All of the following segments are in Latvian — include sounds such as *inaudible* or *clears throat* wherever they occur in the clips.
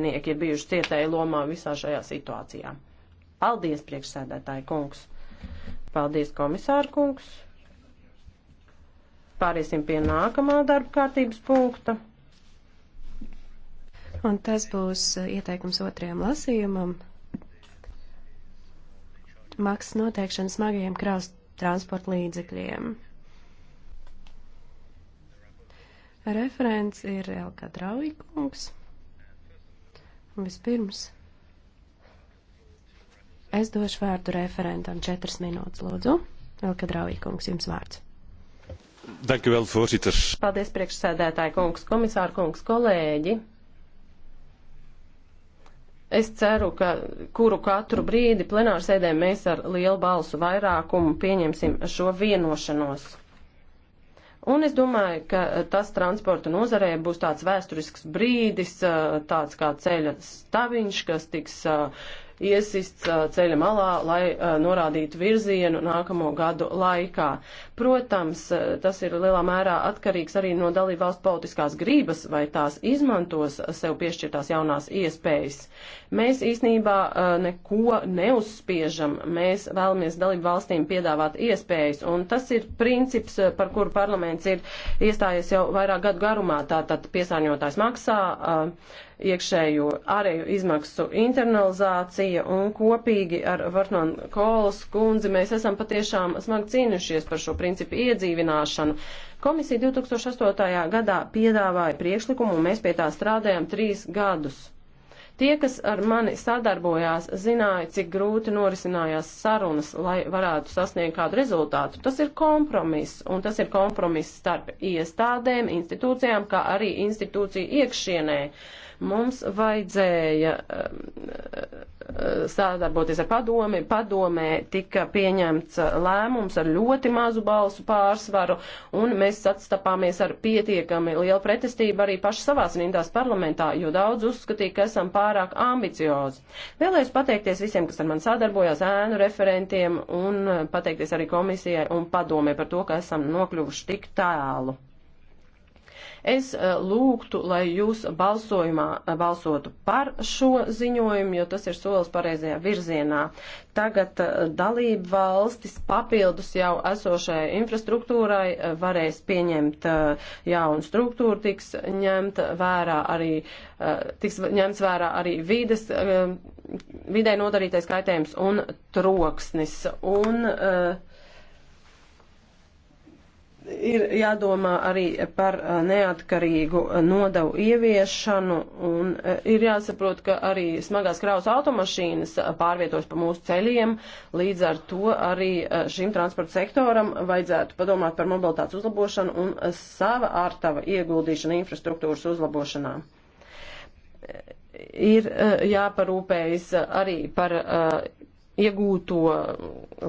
Nieki ir bijuši cietēji lomā visā šajā situācijā. Paldies, priekšsēdētāji kungs. Paldies, komisāra kungs. Pāriesim pie nākamā darba kārtības punkta. Un tas būs ieteikums otrajam lasījumam. Maksas noteikšana smagajiem kraus transporta līdzekļiem. Referents ir Elka Traujikungs. Vispirms es došu vārdu referentam četras minūtes, lūdzu. Elka Draujīkungs, jums vārds. Well, Paldies, priekšsēdētāji kungs, komisāra kungs, kolēģi. Es ceru, ka kuru katru brīdi plenārsēdē mēs ar lielu balsu vairākumu pieņemsim šo vienošanos. Un es domāju, ka eh, tas transporta nozarē būs tāds vēsturisks brīdis, eh, tāds kā ceļa staviņš, kas tiks eh, iesists ceļa malā, lai norādītu virzienu nākamo gadu laikā. Protams, tas ir lielā mērā atkarīgs arī no dalībvalstu politiskās grības, vai tās izmantos sev piešķirtās jaunās iespējas. Mēs īsnībā neko neuzspiežam, mēs vēlamies dalībvalstīm piedāvāt iespējas, un tas ir princips, par kuru parlaments ir iestājies jau vairāk gadu garumā, tātad piesārņotājs maksā. Uh, iekšējo ārēju izmaksu internalizācija un kopīgi ar Vartman Kolas kundzi mēs esam patiešām smagi cīnušies par šo principu iedzīvināšanu. Komisija 2008. gadā piedāvāja priekšlikumu un mēs pie tā strādājām trīs gadus. Tie, kas ar mani sadarbojās, zināja, cik grūti norisinājās sarunas, lai varētu sasniegt kādu rezultātu. Tas ir kompromiss, un tas ir kompromiss starp iestādēm, institūcijām, kā arī institūciju iekšienē. Uh, Mums vajadzēja um, uh, sadarboties ar padomi. Padomē tika pieņemts lēmums ar ļoti mazu balsu pārsvaru, un mēs atstapāmies ar pietiekami lielu pretestību arī paši savās rindās parlamentā, jo daudz uzskatīja, ka esam pārāk ambiciozi. Vēlējos pateikties visiem, kas ar mani sadarbojās, ēnu referentiem, un uh, pateikties arī komisijai un padomē par to, ka esam nokļuvuši tik tālu. Es eh, lūgtu, lai jūs balsojumā eh, balsotu par šo ziņojumu, jo tas ir solis pareizajā virzienā. Tagad eh, dalību valstis papildus jau esošajai infrastruktūrai varēs pieņemt jaunu struktūru, tiks ņemt vērā arī, tiks ņemts vērā arī vides, vidē nodarītais kaitējums un troksnis. Un, uh, ir jādomā arī par uh, neatkarīgu uh, nodevu ieviešanu un uh, ir jāsaprot, ka arī smagās kraus automašīnas pārvietos pa mūsu ceļiem, līdz ar to arī šim transporta sektoram vajadzētu padomāt par mobilitātes uzlabošanu un sava ārtava ieguldīšanu infrastruktūras uzlabošanā ir jāparūpējas arī par iegūto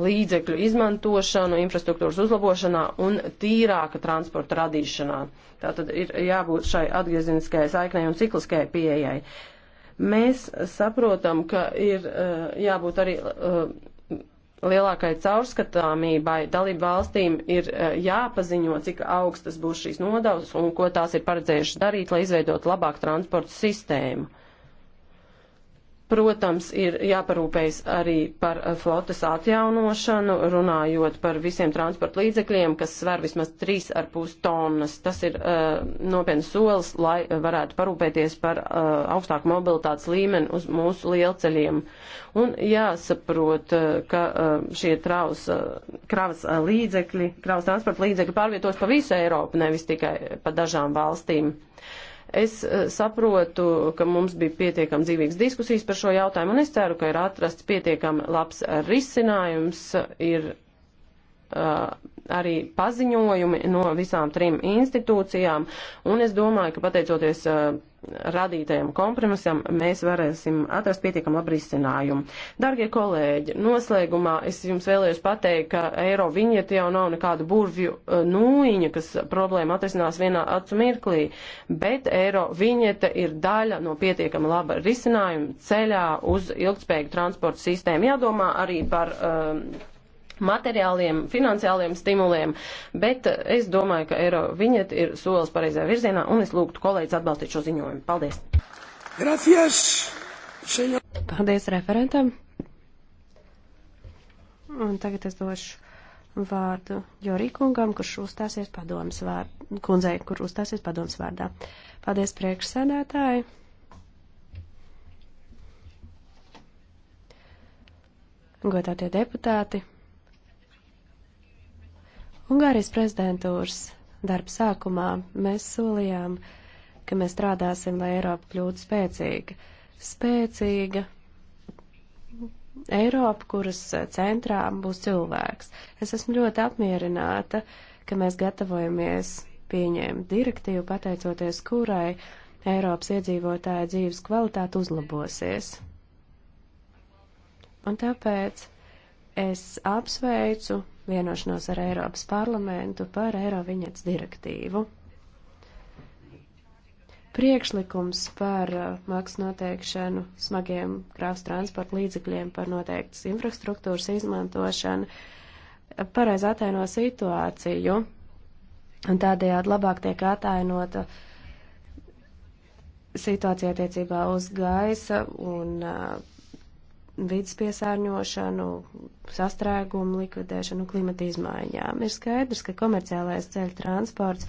līdzekļu izmantošanu, infrastruktūras uzlabošanā un tīrāka transporta radīšanā. Tātad ir jābūt šai atgriezeniskajai saiknei un cikliskajai pieejai. Mēs saprotam, ka ir eh, jābūt arī eh, lielākai caurskatāmībai dalību valstīm ir eh, jāpaziņo, cik augstas būs šīs nodevas un ko tās ir paredzējušas darīt, lai izveidot labāku transportu sistēmu. Protams, ir jāparūpējas arī par eh, flotas atjaunošanu, runājot par visiem transporta līdzekļiem, kas sver vismaz 3,5 tonnas. Tas ir uh, nopietns solis, lai varētu parūpēties par uh, augstāku mobilitātes līmeni uz mūsu lielceļiem. Un jāsaprot, uh, ka uh, šie traus, uh, kravas uh, līdzekļi, kravas transporta līdzekļi pārvietos pa visu Eiropu, nevis tikai pa dažām valstīm. Uh, Es eh, saprotu, ka mums bija pietiekami dzīvīgas diskusijas par šo jautājumu, un es ceru, ka ir atrasts pietiekami labs risinājums, ir uh, arī paziņojumi no visām trim institūcijām, un es domāju, ka pateicoties uh, radītajam kompromisam mēs varēsim atrast pietiekam labu risinājumu. Dargie kolēģi, noslēgumā es jums vēlējos pateikt, ka eiro viņiet jau nav nekāda burvju eh, nūjiņa, kas problēma atrisinās vienā acu mirklī, bet eiro viņieta ir daļa no pietiekam laba risinājuma ceļā uz ilgspējīgu transportu sistēmu. Jādomā arī par. Um, materiāliem, finansiāliem stimuliem, bet eh, es domāju, ka eiro viņet ir solis pareizajā virzienā, un es lūgtu kolēģis atbalstīt šo ziņojumu. Paldies! Gracias, senor. Paldies referentam! Un tagad es došu vārdu Jorī kungam, kurš uzstāsies padomas vārdā, kundzei, kur uzstāsies padomas vārdā. Paldies priekšsēdētāji! Godātie deputāti! Ungārijas prezidentūras darba sākumā mēs solījām, ka mēs strādāsim, lai Eiropa kļūtu spēcīga. Spēcīga Eiropa, kuras centrā būs cilvēks. Es esmu ļoti apmierināta, ka mēs gatavojamies pieņēma direktīvu, pateicoties kurai Eiropas iedzīvotāja dzīves kvalitāte uzlabosies. Un tāpēc es apsveicu vienošanos ar Eiropas parlamentu par Eiroviņets direktīvu. Priekšlikums par uh, maksu noteikšanu smagiem krāvs transporta līdzekļiem par noteiktas infrastruktūras izmantošanu pareiz ataino situāciju un tādējādi labāk tiek atainota situācija attiecībā uz gaisa un uh, vidas piesārņošanu, sastrēgumu likvidēšanu, klimata izmaiņām. Ir skaidrs, ka komerciālais ceļu transports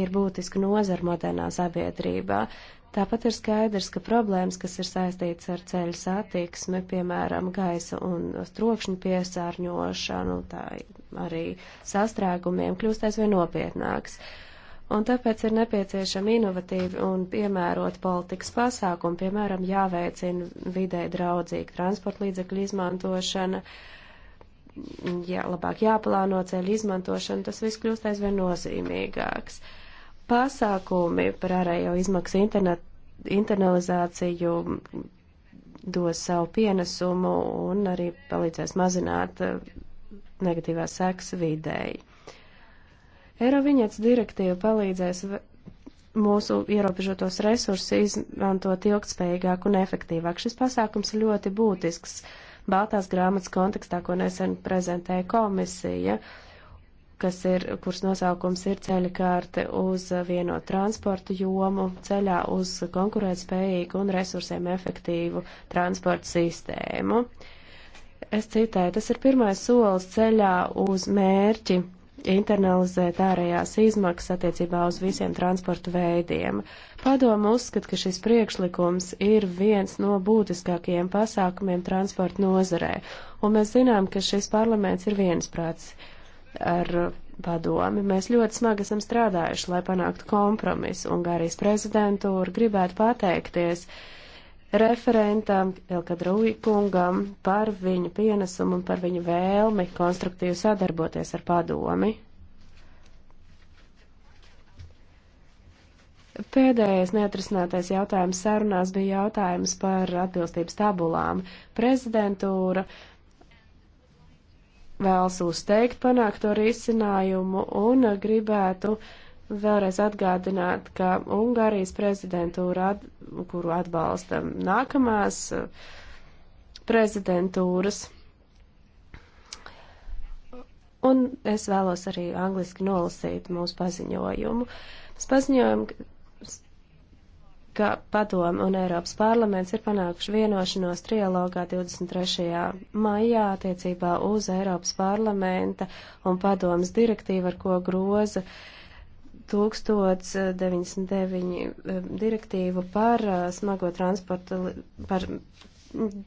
ir būtiska nozara modernā sabiedrībā. Tāpat ir skaidrs, ka problēmas, kas ir saistītas ar ceļu satiksmi, piemēram, gaisa un strokšņu piesārņošanu, tā arī sastrēgumiem, kļūst aizvien nopietnāks. Uh, Un tāpēc ir nepieciešama inovatīva un piemērota politikas pasākuma, piemēram, jāveicina vidē draudzīga transporta līdzekļu izmantošana, jā, labāk jāplāno ceļu izmantošana, tas viss kļūst aizvien nozīmīgāks. Pasākumi par ārējo izmaksu internet, internalizāciju dos savu pienesumu un arī palīdzēs mazināt eh, negatīvās sekas vidēji. Eiroviņets direktīva palīdzēs mūsu ierobežotos resursus izmantot ilgtspējīgāk un efektīvāk. Šis pasākums ir ļoti būtisks Baltās grāmatas kontekstā, ko nesen prezentēja komisija, kas ir, kuras nosaukums ir ceļa kārte uz vieno transportu jomu, ceļā uz konkurētspējīgu un resursiem efektīvu transportu sistēmu. Es citēju, tas ir pirmais solis ceļā uz mērķi internalizēt ārējās izmaksas attiecībā uz visiem transportu veidiem. Padomu uzskat, ka šis priekšlikums ir viens no būtiskākajiem pasākumiem transporta nozarē, un mēs zinām, ka šis parlaments ir viensprāts ar padomi. Mēs ļoti smagi esam strādājuši, lai panāktu kompromisu, un Gārijas prezidentūra gribētu pateikties uh, referentam Elkadrūji kungam par viņu pienesumu un par viņu vēlmi konstruktīvi sadarboties ar padomi. Pēdējais neatrisinātais jautājums sarunās bija jautājums par atbilstības tabulām. Prezidentūra vēlas uzteikt panākto risinājumu un gribētu uh, vēlreiz atgādināt, ka Ungārijas prezidentūra, at, kuru atbalsta nākamās uh, prezidentūras, un es vēlos arī angliski nolasīt mūsu paziņojumu. Mēs paziņojam, ka padomu un Eiropas parlaments ir panākuši vienošanos trialogā 23. maijā attiecībā uz Eiropas parlamenta un padomas direktīvu, ar ko groza uh, 1099 eh, direktīvu par eh, smago transportu, par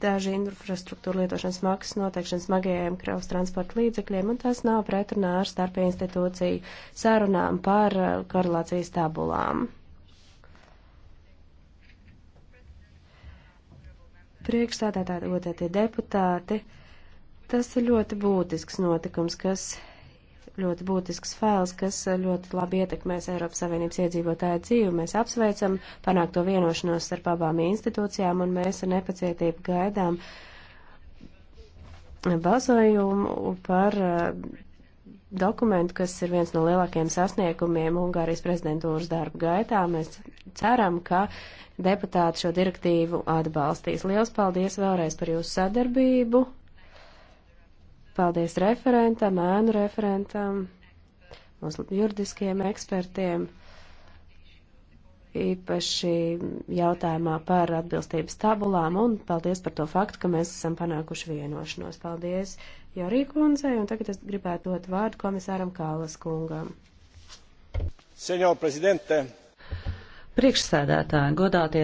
daži infrastruktūra lietošanas maksas noteikšana smagajiem kravas transporta līdzekļiem, un tas nav pretrunā ar starp institūciju sarunām par eh, korelācijas tabulām. Priekšstādātāji, godētie deputāti, tas ir ļoti būtisks notikums, kas ļoti būtisks fails, kas ļoti labi ietekmēs Eiropas Savienības iedzīvotāju dzīvi. Mēs apsveicam panākto vienošanos starp abām institūcijām un mēs ar nepacietību gaidām balsojumu par eh, dokumentu, kas ir viens no lielākajiem sasniegumiem Ungārijas prezidentūras darba gaitā. Mēs ceram, ka deputāti šo direktīvu atbalstīs. Liels paldies vēlreiz par jūsu sadarbību Paldies referentam, ēnu referentam, mūsu juridiskajiem ekspertiem, īpaši jautājumā par atbilstības tabulām, un paldies par to faktu, ka mēs esam panākuši vienošanos. Paldies Jorī kundzei, un tagad es gribētu dot vārdu komisāram Kālas kungam. Senjor prezidente! Priekšsēdētāji, godātie,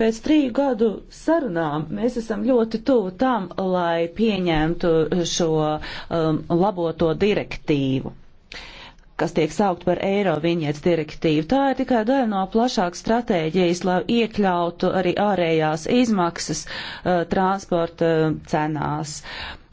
pēc triju gadu sarunām mēs esam ļoti tuvu tam, lai pieņemtu šo um, laboto direktīvu kas tiek saukt par eiro viņietas direktīvu. Tā ir tikai daļa no plašākas stratēģijas, lai iekļautu arī ārējās izmaksas uh, transporta uh, cenās.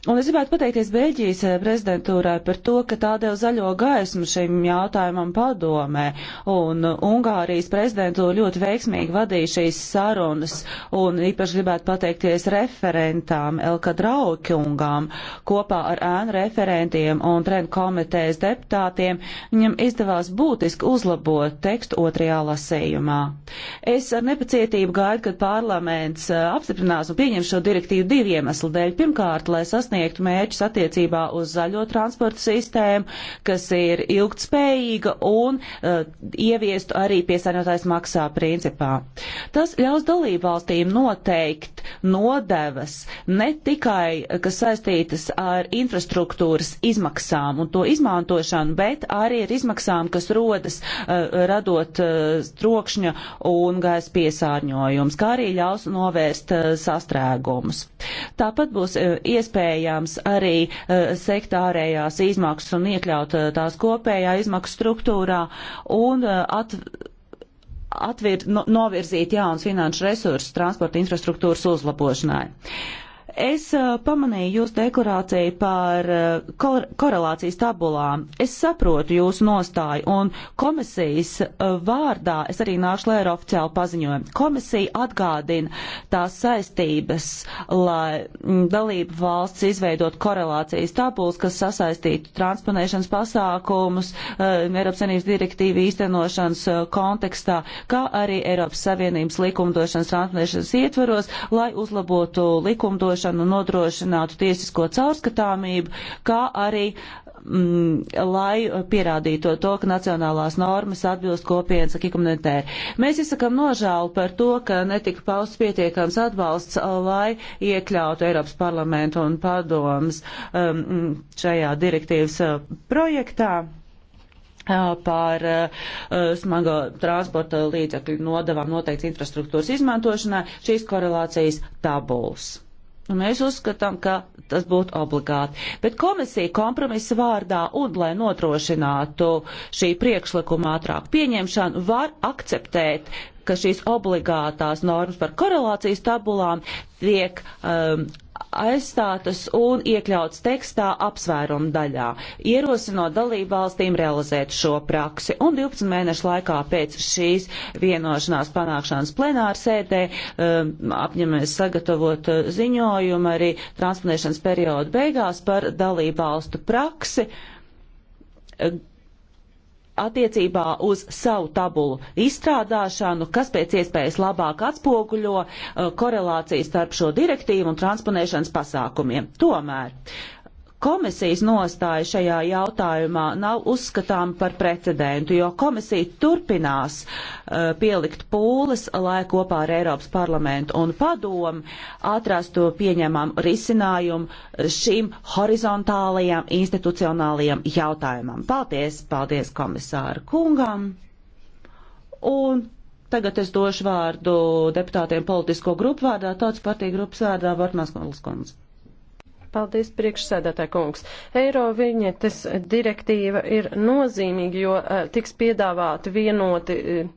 Un es gribētu pateikties Beļģijas eh, prezidentūrai par to, ka tā deva zaļo gaismu šim jautājumam padomē. Un eh, Ungārijas prezidentūra ļoti veiksmīgi vadīja šīs sarunas. Un īpaši gribētu pateikties referentām Elka Draukungām kopā ar ēnu referentiem un trendu komitejas deputātiem. Viņam izdevās būtiski uzlabot tekstu otrajā lasējumā. Es ar nepacietību gaidu, kad parlaments eh, apstiprinās un pieņems šo direktīvu divu iemeslu dēļ. Pirmkārt, lai sasniegtu sasniegtu mērķus attiecībā uz zaļo transporta sistēmu, kas ir ilgtspējīga un uh, eh, ieviestu arī piesārņotājs maksā principā. Tas ļaus dalībvalstīm noteikt nodevas ne tikai, eh, kas saistītas ar infrastruktūras izmaksām un to izmantošanu, bet arī ar izmaksām, kas rodas uh, radot uh, trokšņa un gaisa piesārņojums, kā arī ļaus novērst uh, sastrēgumus. Tāpat būs uh, iespēja iespējams arī eh, sektārējās izmaksas un iekļaut eh, tās kopējā izmaksu struktūrā un eh, at, atvir, no, novirzīt jauns finanšu resursus transporta infrastruktūras uzlabošanai. Es pamanīju jūsu deklarāciju par korelācijas tabulām. Es saprotu jūsu nostāju un komisijas vārdā es arī nāšu lēru oficiālu paziņojumu. Komisija atgādina tās saistības, lai dalību valsts izveidot korelācijas tabulas, kas sasaistītu transponēšanas pasākumus Eiropas Savienības direktīvu īstenošanas kontekstā, kā arī Eiropas Savienības likumdošanas transponēšanas ietvaros, lai uzlabotu likumdošanu ievērošanu nodrošinātu tiesisko caurskatāmību, kā arī mm, lai pierādītu to, ka nacionālās normas atbilst kopienas akikomunitēri. Mēs izsakam nožēlu par to, ka netika pausts pietiekams atbalsts, uh, lai iekļautu Eiropas parlamentu un padomas um, šajā direktīvas uh, projektā uh, par uh, smago transporta līdzekļu nodavām noteikts infrastruktūras izmantošanai šīs korelācijas tabulas. Mēs uzskatām, ka tas būtu obligāti. Bet komisija kompromisa vārdā un, lai notrošinātu šī priekšlikuma ātrāku pieņemšanu, var akceptēt, ka šīs obligātās normas par korelācijas tabulām tiek um, aizstātas un iekļautas tekstā apsvērumu daļā, ierosinot dalību valstīm realizēt šo praksi. Un 12 mēnešu laikā pēc šīs vienošanās panākšanas plenāra sēdē um, apņemies sagatavot uh, ziņojumu arī transponēšanas periodu beigās par dalību valstu praksi. Um, attiecībā uz savu tabulu izstrādāšanu, kas pēc iespējas labāk atspoguļo uh, korelāciju starp šo direktīvu un transponēšanas pasākumiem. Tomēr Komisijas nostāja šajā jautājumā nav uzskatām par precedentu, jo komisija turpinās uh, pielikt pūles, lai kopā ar Eiropas parlamentu un padomu atrastu pieņemam risinājumu šīm horizontālajām institucionālajām jautājumam. Paldies, paldies komisāru kungam. Un tagad es došu vārdu deputātiem politisko grupu vārdā, tautas partija grupas vārdā, Vartmās Kundas. Paldies, priekšsēdētāji kungs. Eiro viņetes direktīva ir nozīmīga, jo eh, tiks piedāvāti vienoti eh,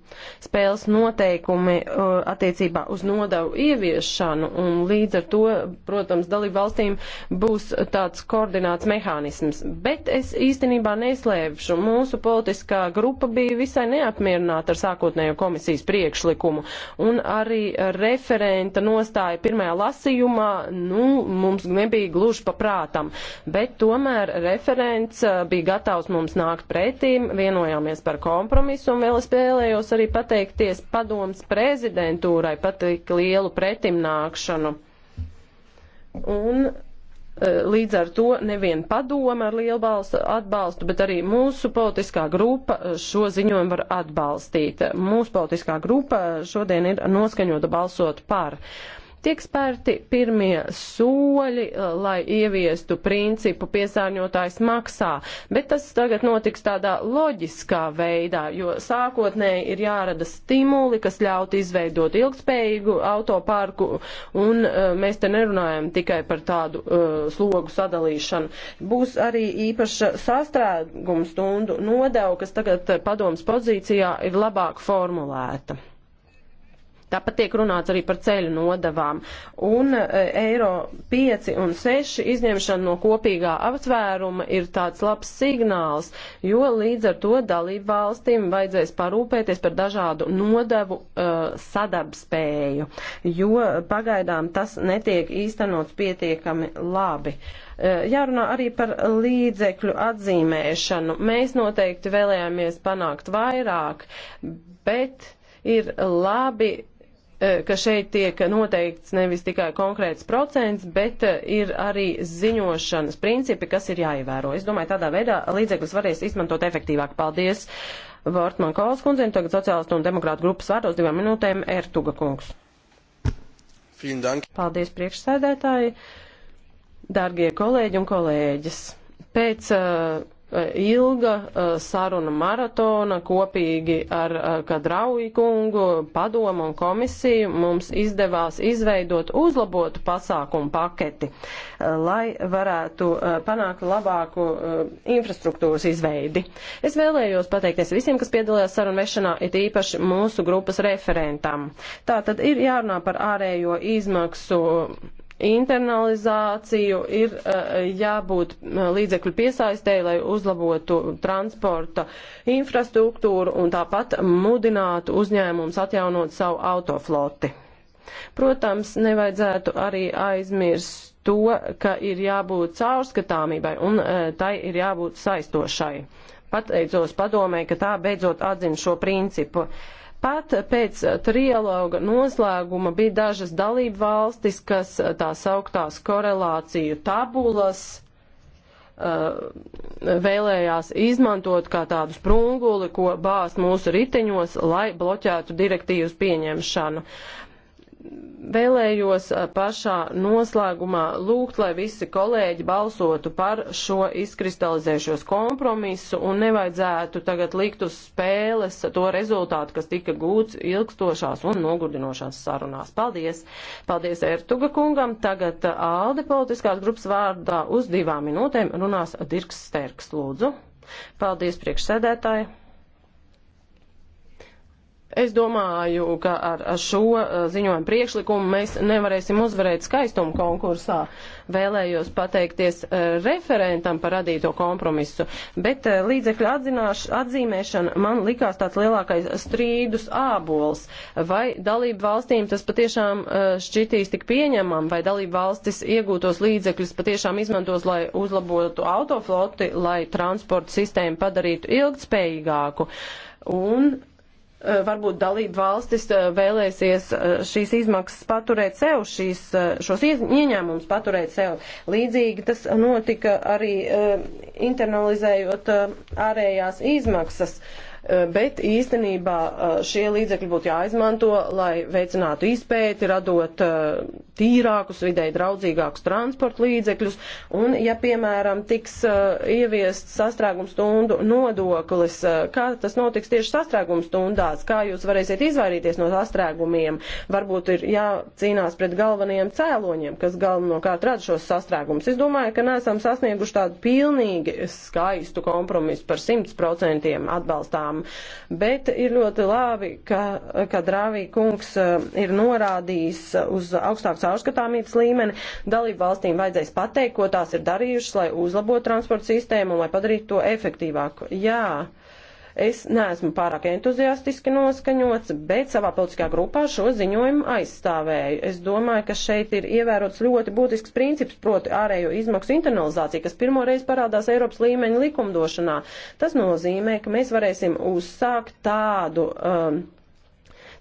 spēles noteikumi eh, attiecībā uz nodevu ieviešanu, un līdz ar to, protams, dalību valstīm būs tāds koordināts mehānisms. Bet es īstenībā neslēpšu, mūsu politiskā grupa bija visai neapmierināta ar sākotnējo komisijas priekšlikumu, un arī referenta nostāja pirmajā lasījumā, nu, mums nebija gluži paprātam, bet tomēr referents eh, bija gatavs mums nākt pretīm, vienojāmies par kompromisu un vēl es vēlējos arī pateikties padoms prezidentūrai patīk lielu pretimnākšanu. Un eh, Līdz ar to nevien padoma ar lielu balstu, atbalstu, bet arī mūsu politiskā grupa eh, šo ziņojumu var atbalstīt. Mūsu politiskā grupa šodien ir noskaņota balsot par. Uh, Tiek spērti pirmie soļi, eh, lai ieviestu principu piesārņotājs maksā, bet tas tagad notiks tādā loģiskā veidā, jo sākotnēji ir jārada stimuli, kas ļautu izveidot ilgspējīgu autoparku, un eh, mēs te nerunājam tikai par tādu uh, slogu sadalīšanu. Būs arī īpaša sastrēguma stundu nodeva, kas tagad padoms pozīcijā ir labāk formulēta. Tāpat tiek runāts arī par ceļu nodavām. Un e, eiro 5 un 6 izņemšana no kopīgā aptvēruma ir tāds labs signāls, jo līdz ar to dalību valstīm vajadzēs parūpēties par dažādu nodevu uh, sadarbspēju, jo pagaidām tas netiek īstenots pietiekami labi. Uh, jārunā arī par līdzekļu atzīmēšanu. Mēs noteikti vēlējāmies panākt vairāk, bet ir labi Eh, ka šeit tiek noteikts nevis tikai konkrēts procents, bet eh, ir arī ziņošanas principi, kas ir jāievēro. Es domāju, tādā veidā līdzekļus varēs izmantot efektīvāk. Paldies Vortman Kols kundzei, tagad sociālistu un demokrātu grupas vārdos divām minūtēm Ertuga kungs. Paldies priekšsēdētāji, dārgie kolēģi un kolēģis. Pēc uh, Eh, ilga eh, saruna maratona kopīgi ar eh, Kadrauju kungu, padomu un komisiju mums izdevās izveidot uzlabotu pasākumu paketi, lai varētu panākt labāku infrastruktūras izveidi. Es vēlējos pateikties visiem, kas piedalījās sarunu vešanā, it īpaši mūsu grupas referentam. Tā tad ir jārunā par ārējo izmaksu internalizāciju, ir eh, jābūt eh, līdzekļu piesaistēji, lai uzlabotu transporta infrastruktūru un tāpat mudinātu uzņēmums atjaunot savu autofloti. Protams, nevajadzētu arī aizmirst to, ka ir jābūt caurskatāmībai un eh, tai ir jābūt saistošai. Pateicos padomē, ka tā beidzot atzina šo principu. Uh, Pat pēc trialoga noslēguma bija dažas dalību valstis, kas eh, tā sauktās korelāciju tabulas eh, vēlējās izmantot kā tādu sprunguli, ko bāzt mūsu riteņos, lai bloķētu direktīvas pieņemšanu vēlējos uh, pašā noslēgumā lūgt, lai visi kolēģi balsotu par šo izkristalizējušos kompromisu un nevajadzētu tagad likt uz spēles to rezultātu, kas tika gūts ilgstošās un nogurdinošās sarunās. Paldies! Paldies Ertuga kungam! Tagad uh, ALDE politiskās grupas vārdā uz divām minūtēm runās Dirks Sterks, lūdzu. Paldies priekšsēdētāji! Es domāju, ka ar, ar šo uh, ziņojumu priekšlikumu mēs nevarēsim uzvarēt skaistumu konkursā. Vēlējos pateikties uh, referentam par radīto kompromisu, bet uh, līdzekļu atzīmēšana man likās tāds lielākais strīdus ābols. Vai dalību valstīm tas patiešām šķitīs tik pieņemam, vai dalību valstis iegūtos līdzekļus patiešām izmantos, lai uzlabotu autofloti, lai transporta sistēmu padarītu ilgtspējīgāku? Un Eh, varbūt dalība valstis eh, vēlēsies eh, šīs izmaksas paturēt sev, šīs, šos ieņēmumus paturēt sev. Līdzīgi tas notika arī internalizējot ārējās izmaksas. Uh, Eh, bet īstenībā eh, šie līdzekļi būtu jāizmanto, lai veicinātu izpēti, radot eh, tīrākus, videi draudzīgākus transporta līdzekļus, un ja, piemēram, tiks ieviests sastrēgums stundu nodoklis, kā tas notiks tieši sastrēgums stundās, kā jūs varēsiet izvairīties no sastrēgumiem, varbūt ir jācīnās pret galvenajiem cēloņiem, kas galvenokārt rada šos sastrēgumus. Es domāju, ka neesam sasnieguši tādu pilnīgi skaistu kompromisu par 100% atbalstām tiesībām. Bet ir ļoti labi, ka, ka Drāvī kungs eh, ir norādījis uz augstāku caurskatāmības līmeni. Dalību valstīm vajadzēs pateikt, ko tās ir darījušas, lai uzlabotu transporta sistēmu un lai padarītu to efektīvāku. Jā. Es neesmu pārāk entuziastiski noskaņots, bet savā politiskajā grupā šo ziņojumu aizstāvēju. Es domāju, ka šeit ir ievērots ļoti būtisks princips, proti ārējo izmaksu internalizācija, kas pirmoreiz parādās Eiropas līmeņa likumdošanā. Tas nozīmē, ka mēs varēsim uzsākt tādu. Um,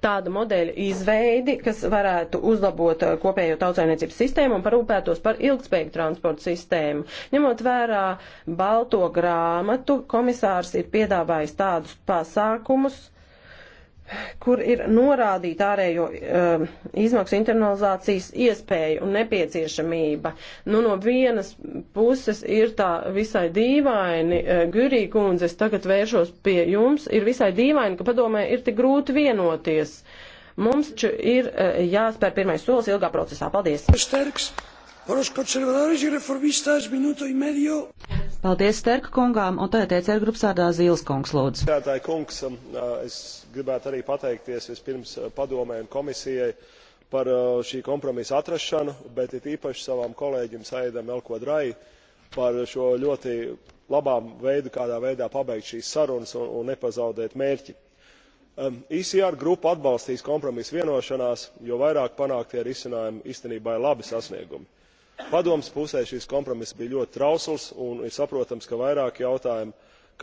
tādu modeļu izveidi, kas varētu uzlabot uh, kopējo tautsainiecības sistēmu un parūpētos par ilgspējīgu transportu sistēmu. Ņemot vērā balto grāmatu, komisārs ir piedāvājis tādus pasākumus, kur ir norādīta ārējo uh, izmaksu internalizācijas iespēja un nepieciešamība. Nu, no vienas puses ir tā visai dīvaini, uh, Gurī kundze, es tagad vēršos pie jums, ir visai dīvaini, ka padomē ir tik grūti vienoties. Mums taču ir uh, jāspēr pirmais solis ilgā procesā. Paldies! Sterks. Por los conservadores y reformistas, minuto y medio. Paldies Sterka kungām, un tagad ECR grupas vārdā Zīles kungs lūdzu. Tātāji kungs, um, uh, es gribētu arī pateikties vispirms uh, padomē un komisijai par uh, šī kompromisa atrašanu, bet it īpaši savam kolēģim Saidam Elkodrai par šo ļoti labām veidu, kādā veidā pabeigt šīs sarunas un, un nepazaudēt mērķi. Um, ECR grupa atbalstīs kompromisu vienošanās, jo vairāk panāktie risinājumi īstenībā ir labi sasniegumi padomes pusē šis kompromiss bija ļoti trausls un ir saprotams ka vairāki jautājumi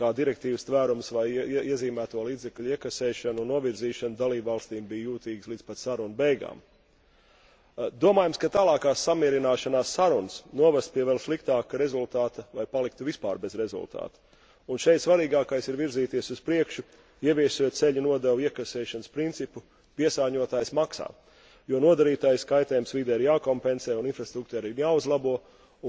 kā direktīvas tvērums vai iezīmēto līdzekļu iekasēšana un novirzīšana dalībvalstīm bija jūtīgas līdz pat sarunu beigām. Eh, domājams ka tālākās samierināšanās sarunas novestu pie vēl sliktāka rezultāta vai paliktu vispār bez rezultāta un šeit svarīgākais ir virzīties uz priekšu ieviešot ceļu nodevu iekasēšanas principu piesārņotājs maksā jo nodarītais kaitējums videi ir jākompensē un infrastruktūra ir jāuzlabo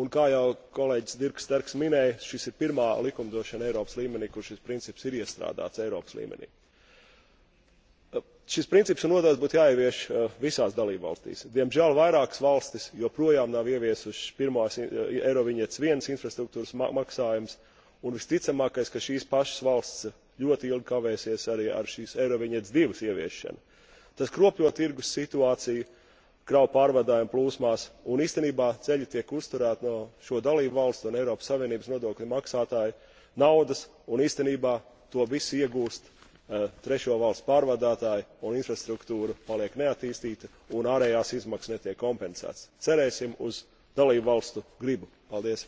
un kā jau kolēģis dirks sterckx minēja šis ir pirmā likumdošana eiropas līmenī kur šis princips ir iestrādāts eiropas līmenī. Eh, šis princips un nodaļas būtu jāievieš eh, visās dalībvalstīs. diemžēl vairākas valstis joprojām nav ieviesušas pirmās eh, eiroviņetes viens infrastruktūras maksājumus un visticamākais ka šīs pašas valstis ļoti ilgi kavēsies arī ar šīs eiroviņetes divas ieviešanu tas kropļo tirgus situāciju kravu pārvadājumu plūsmās un īstenībā ceļi tiek uzturēti no šo dalību valstu un eiropas savienības nodokļu maksātāju naudas un īstenībā to visu iegūst uh, trešo valstu pārvadātāji un infrastruktūra paliek neattīstīta un ārējās izmaksas netiek kompensētas. cerēsim uz dalību valstu gribu. paldies!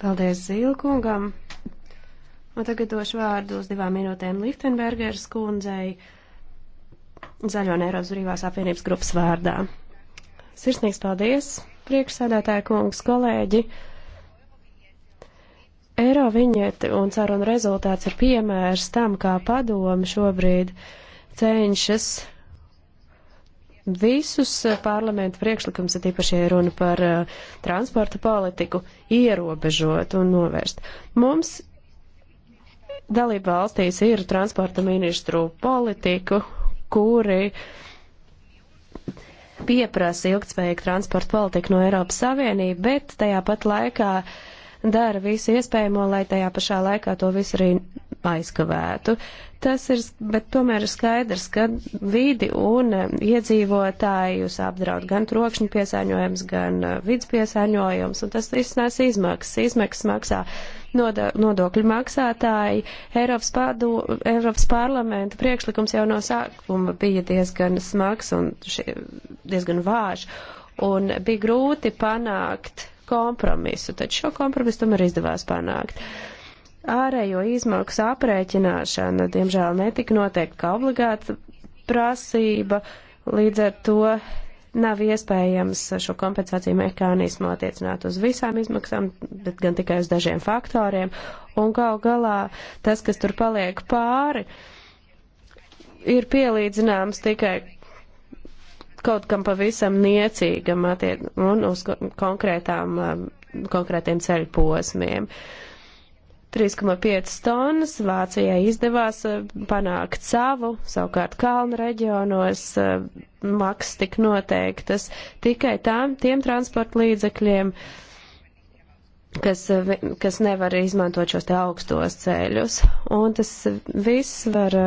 Paldies Zīlkungam! Un tagad došu vārdu uz divām minūtēm Liftenbergeras kundzei Zaļo un Eiropas brīvās apvienības grupas vārdā. Sirsnīgs paldies, priekšsēdētāja kungs, kolēģi! Eiro viņieti un saruna rezultāts ir piemērs tam, kā padomi šobrīd cenšas visus parlamentu priekšlikums, ir īpaši runa par uh, transporta politiku, ierobežot un novērst. Mums dalība valstīs ir transporta ministru politiku, kuri pieprasa ilgtspējīgu transporta politiku no Eiropas Savienība, bet tajā pat laikā dara visu iespējamo, lai tajā pašā laikā to visu arī aizkavētu. Tas ir, bet tomēr ir skaidrs, ka vidi un e, iedzīvotājus apdraud gan trokšņu piesāņojums, gan e, vidas piesāņojums, un tas viss nes izmaksas. Izmaksas maksā noda, nodokļu maksātāji. Eiropas, pārdu, Eiropas parlamenta priekšlikums jau no sākuma bija diezgan smags un šie, diezgan vāž, un bija grūti panākt kompromisu, taču šo kompromisu tomēr izdevās panākt. Uh, Ārējo izmaksu aprēķināšana, diemžēl, netika noteikti kā obligāta prasība, līdz ar to nav iespējams šo kompensāciju mehānismu attiecināt uz visām izmaksām, bet gan tikai uz dažiem faktoriem. Un gal galā tas, kas tur paliek pāri, ir pielīdzināms tikai kaut kam pavisam niecīgam attiec un uz konkrētām, um, konkrētiem ceļu posmiem. Uh, 3,5 tonnas. Vācijai izdevās eh, panākt savu, savukārt kalnu reģionos eh, maksas tika noteiktas tikai tām, tiem transporta līdzekļiem, kas, eh, kas nevar izmantot šos te augstos ceļus. Un tas viss var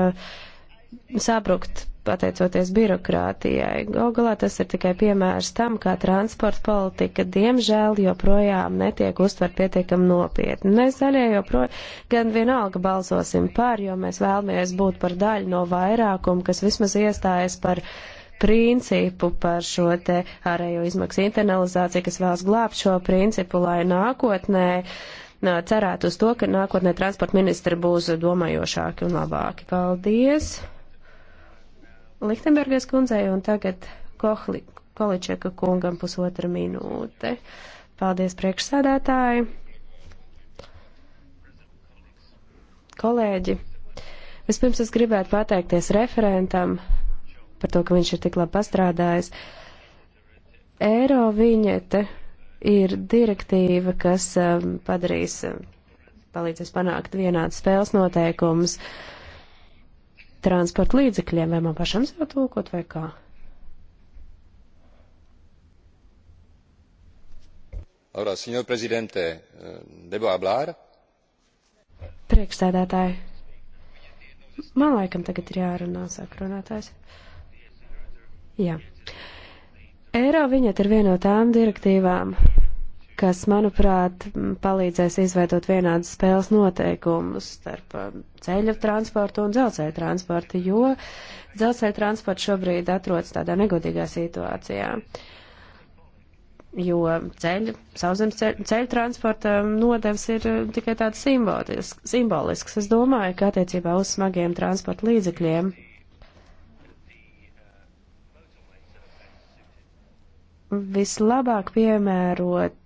sabrukt pateicoties birokrātijai. Galā tas ir tikai piemērs tam, kā transporta politika diemžēl joprojām netiek uztver pietiekam nopietni. Mēs zaļie joprojām gan vienalga balsosim par, jo mēs vēlamies būt par daļu no vairākuma, kas vismaz iestājas par principu par šo te ārējo izmaksu internalizāciju, kas vēlas glābt šo principu, lai nākotnē uh, cerētu uz to, ka nākotnē transporta ministri būs domājošāki un labāki. Paldies! Liktenbergas kundzei un tagad Kohli, Količeka kungam pusotra minūte. Paldies priekšsādātāji. Kolēģi, vispirms es gribētu pateikties referentam par to, ka viņš ir tik labi pastrādājis. Eiro viņete ir direktīva, kas um, padarīs, um, palīdzēs panākt vienādas spēles noteikumus. Uh, transporta līdzekļiem, vai man pašam sev tulkot vai kā? Ahora, señor presidente, eh, ¿debo hablar? Priekšsēdētāji, man laikam tagad ir jārunā, saka runātājs. Jā. Eiro viņat ir viena no tām direktīvām, kas, manuprāt, palīdzēs izveidot vienādas spēles noteikumus starp um, ceļu transportu un dzelzceļa transportu, jo dzelzceļa transports šobrīd atrodas tādā negodīgā situācijā. Jo ceļu, sauszemes ceļu, ceļu transporta nodevs ir uh, tikai tāds simbolisks, simbolisks. Es domāju, ka attiecībā uz smagiem transporta līdzekļiem vislabāk piemērot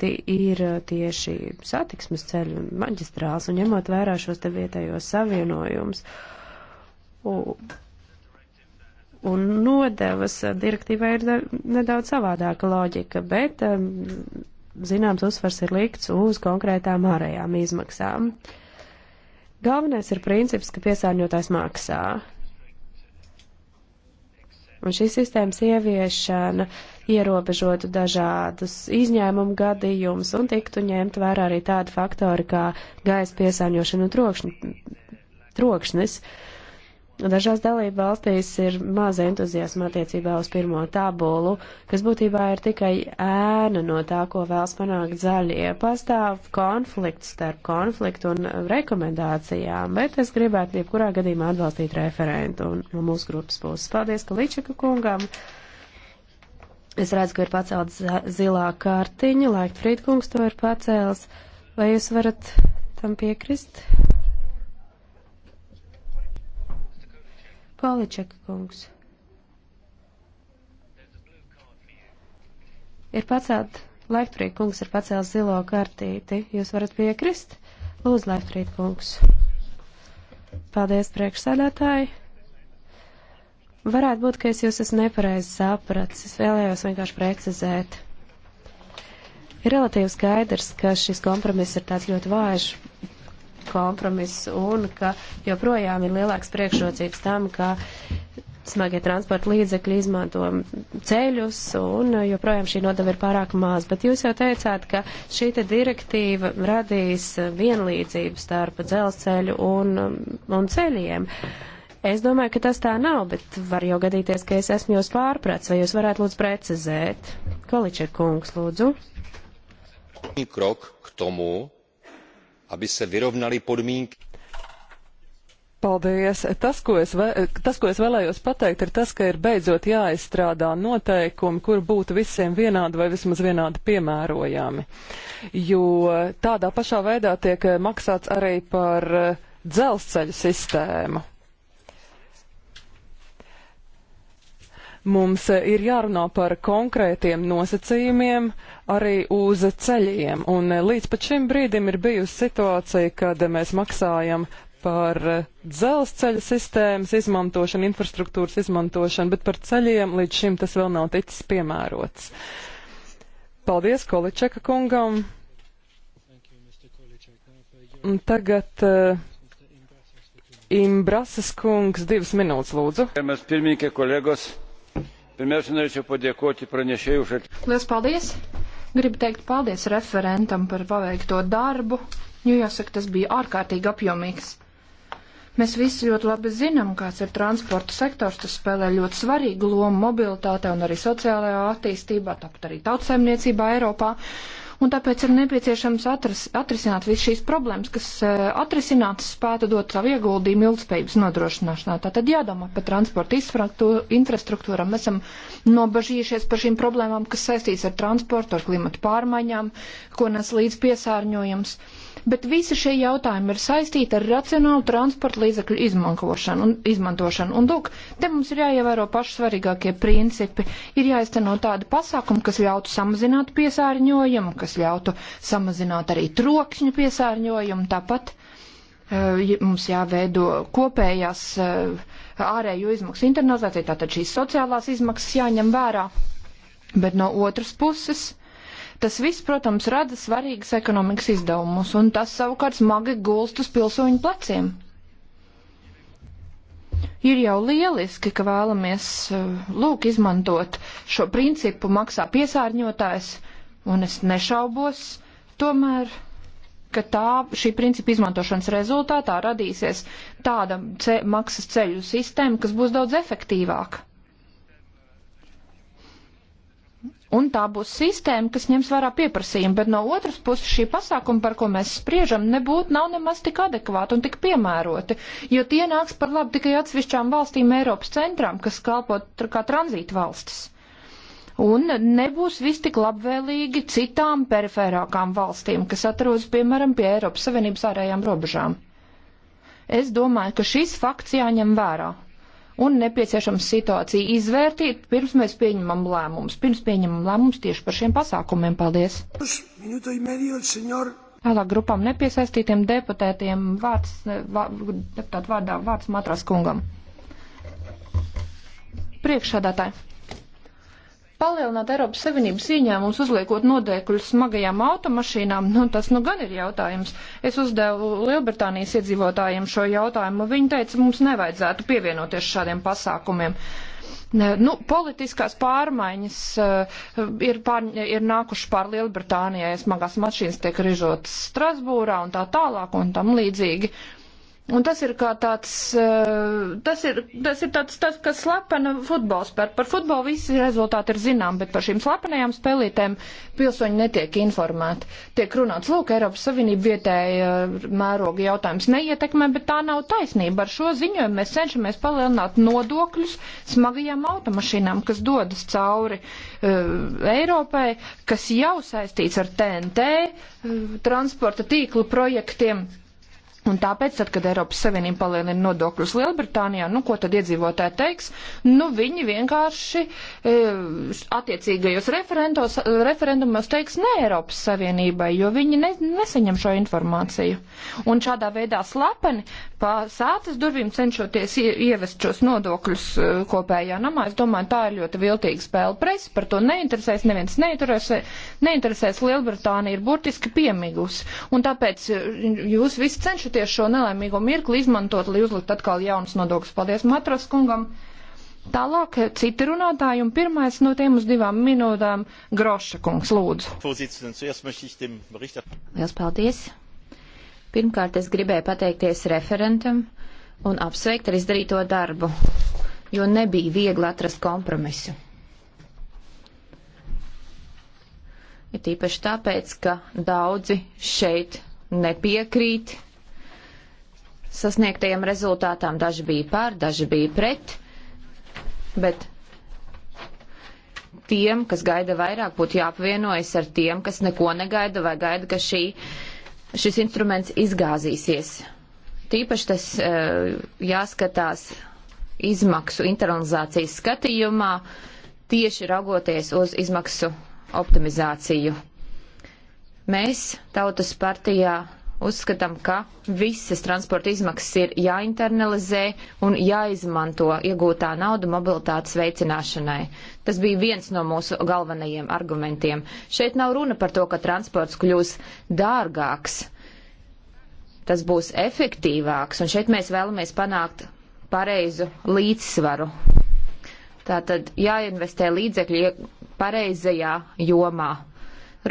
citi ir uh, tieši satiksmes ceļi un maģistrāls, un ņemot vērā šos te vietējos savienojums. Un, un nodevas uh, direktīvai ir nedaudz savādāka loģika, bet um, zināms uzsvars ir likts uz konkrētām ārējām izmaksām. Galvenais ir princips, ka piesārņotājs maksā. Un šīs sistēmas ieviešana ierobežotu dažādus izņēmumu gadījumus un tiktu ņemt vērā arī tādi faktori kā gaisa piesāņošana un trokšņi, trokšnes. Dažās dalība valstīs ir maza entuziasma attiecībā uz pirmo tabulu, kas būtībā ir tikai ēna no tā, ko vēlas panākt zaļie. Pastāv konflikts starp konfliktu un rekomendācijām, bet es gribētu jebkurā gadījumā atbalstīt referentu un no mūsu grupas puses. Paldies, ka Ličaka kungam! Es redzu, ka ir pacēlts zilā kārtiņa, Laiktfrīd kungs to ir pacēls. Vai jūs varat tam piekrist? Poličeka kungs. Ir pacēlt, Laiktfrīd kungs ir pacēls zilo kartīti. Jūs varat piekrist? Lūdzu, Laiktfrīd kungs. Paldies, priekšsēdētāji. Varētu būt, ka es jūs esmu nepareizi sapratis, es vēlējos vienkārši precizēt. Ir relatīvi skaidrs, ka šis kompromiss ir tāds ļoti vājš kompromiss un ka joprojām ir lielāks priekšrocības tam, ka smagie transporta līdzekļi izmanto ceļus un joprojām šī nodeva ir pārāk maz. Bet jūs jau teicāt, ka šī te direktīva radīs vienlīdzību starp dzelzceļu un, un ceļiem. Uh, Es domāju, ka tas tā nav, bet var jau gadīties, ka es esmu jūs pārprats, vai jūs varētu lūdzu precizēt. Količek kungs, lūdzu. Krok k tomu, aby se vyrovnali podmínky. Paldies! Tas ko, es, tas, ko es vēlējos pateikt, ir tas, ka ir beidzot jāizstrādā noteikumi, kur būtu visiem vienādi vai vismaz vienādi piemērojami. Jo tādā pašā veidā tiek eh, maksāts arī par eh, dzelzceļu sistēmu. Mums eh, ir jārunā par konkrētiem nosacījumiem arī uz ceļiem, un eh, līdz pat šim brīdim ir bijusi situācija, kad mēs maksājam par eh, dzelzceļa sistēmas izmantošanu, infrastruktūras izmantošanu, bet par ceļiem līdz šim tas vēl nav ticis piemērots. Paldies Količeka kungam. Un tagad uh, Imbrasas kungs divas minūtes lūdzu. Pirmiausia, norėčiau padėkoti pranešėjų už atlikimą. Lielas paldies! Gribu teikt paldies referentam par paveikto darbu, jo jāsaka, tas bija ārkārtīgi apjomīgs. Mēs visi ļoti labi zinām, kāds ir transporta sektors, tas spēlē ļoti svarīgu lomu mobilitātē un arī sociālajā attīstībā, tāpat arī tautsēmniecībā Eiropā. Uh, un tāpēc ir nepieciešams atras, atrisināt visu šīs problēmas, kas eh, atrisinātas spētu dot savu ieguldījumu ilgspējības nodrošināšanā. Tātad jādomā par transporta infrastruktūram. Mēs esam nobažījušies par šīm problēmām, kas saistīts ar transportu, ar klimatu pārmaiņām, ko nes līdz piesārņojums bet visi šie jautājumi ir saistīti ar racionālu transporta līdzekļu izmantošanu. Un, izmantošanu. un lūk, te mums ir jāievēro paši svarīgākie principi. Ir jāizteno tādi pasākumi, kas ļautu samazināt piesārņojumu, kas kas ļautu samazināt arī trokšņu piesārņojumu. Tāpat eh, mums jāveido kopējās eh, ārējo izmaksu internalizācija, tātad šīs sociālās izmaksas jāņem vērā. Bet no otras puses, tas viss, protams, rada svarīgas ekonomikas izdevumus, un tas savukārt smagi gulst uz pilsoņu pleciem ir jau lieliski, ka vēlamies eh, lūk izmantot šo principu maksā piesārņotājs Un es nešaubos tomēr, ka tā, šī principa izmantošanas rezultātā radīsies tāda ce maksas ceļu sistēma, kas būs daudz efektīvāka. Un tā būs sistēma, kas ņems vērā pieprasījumu, bet no otras puses šī pasākuma, par ko mēs spriežam, nebūtu nav nemaz tik adekvāti un tik piemēroti, jo tie nāks par labu tikai atsevišķām valstīm Eiropas centrām, kas kalpot kā tranzīta valstis un nebūs viss tik labvēlīgi citām perifērākām valstīm, kas atrodas, piemēram, pie Eiropas Savienības ārējām robežām. Es domāju, ka šis fakts jāņem vērā un nepieciešams situāciju izvērtīt, pirms mēs pieņemam lēmumus, pirms pieņemam lēmumus tieši par šiem pasākumiem. Paldies! Tālāk grupām nepiesaistītiem deputētiem vārds, deputātu vārdā vārds Matras kungam. Priekšsādātāji palielināt Eiropas Savienības ieņēmumus, uzliekot nodēkļus smagajām automašīnām, nu, tas nu gan ir jautājums. Es uzdevu Lielbritānijas iedzīvotājiem šo jautājumu. Viņi teica, mums nevajadzētu pievienoties šādiem pasākumiem. Ne, nu, politiskās pārmaiņas uh, ir, pār, ir nākuši pār Lielbritānijai, smagās mašīnas tiek rižotas Strasbūrā un tā tālāk un tam līdzīgi. Uh, Un tas ir kā tāds, eh, tas ir, tas ir tāds, tas, kas slepena futbola spēle. Par futbolu visi rezultāti ir zinām, bet par šīm slepenajām spēlītēm pilsoņi netiek informēti. Tiek runāts, lūk, Eiropas Savienība vietēja mēroga jautājums neietekmē, bet tā nav taisnība. Ar šo ziņojumu mēs cenšamies palielināt nodokļus smagajām automašīnām, kas dodas cauri uh, Eiropai, kas jau saistīts ar TNT uh, eh, transporta tīklu projektiem Un tāpēc, tad, kad Eiropas Savienība palielina nodokļus Lielbritānijā, nu, ko tad iedzīvotāji teiks? Nu, viņi vienkārši e, attiecīgajos referendumos teiks nē Eiropas Savienībai, jo viņi ne, nesaņem šo informāciju. Un šādā veidā slepeni pa sātas durvīm cenšoties ievest šos nodokļus e, kopējā namā, es domāju, tā ir ļoti viltīga spēle. Presi par to neinteresēs, neviens neinteresē, neinteresēs. Lielbritānija ir burtiski piemigus. Un tāpēc e, jūs visi cenšaties tieši, tieši šo nelaimīgo mirkli izmantot, lai uzlikt atkal jaunas nodokļus. Paldies Matras kungam! Tālāk eh, citi runātāji, un pirmais no tiem uz divām minūtēm - Groša kungs, lūdzu. Liels paldies! Pirmkārt, es gribēju pateikties referentam un apsveikt ar izdarīto darbu, jo nebija viegli atrast kompromisu. Ir tīpaši tāpēc, ka daudzi šeit nepiekrīt sasniegtajiem rezultātām. Daži bija pār, daži bija pret, bet tiem, kas gaida vairāk, būtu jāapvienojas ar tiem, kas neko negaida vai gaida, ka šī, šis instruments izgāzīsies. Tīpaši tas eh, jāskatās izmaksu internalizācijas skatījumā, tieši raugoties uz izmaksu optimizāciju. Mēs tautas partijā Uzskatām, ka visas transporta izmaksas ir jāinternalizē un jāizmanto iegūtā nauda mobilitātes veicināšanai. Tas bija viens no mūsu galvenajiem argumentiem. Šeit nav runa par to, ka transports kļūs dārgāks. Tas būs efektīvāks, un šeit mēs vēlamies panākt pareizu līdzsvaru. Tātad jāinvestē līdzekļi pareizajā jomā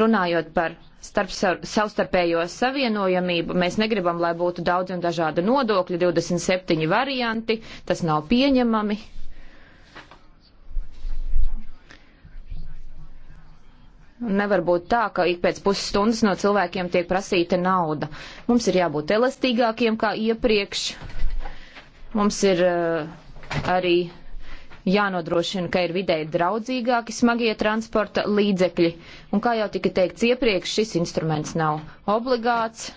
runājot par starp savstarpējo savienojamību. Mēs negribam, lai būtu daudz un dažādi nodokļi, 27 varianti, tas nav pieņemami. Nevar būt tā, ka ik pēc pusstundas no cilvēkiem tiek prasīta nauda. Mums ir jābūt elastīgākiem kā iepriekš. Mums ir uh, arī jānodrošina, ka ir videi draudzīgāki smagie transporta līdzekļi. Un kā jau tika teikts iepriekš, šis instruments nav obligāts.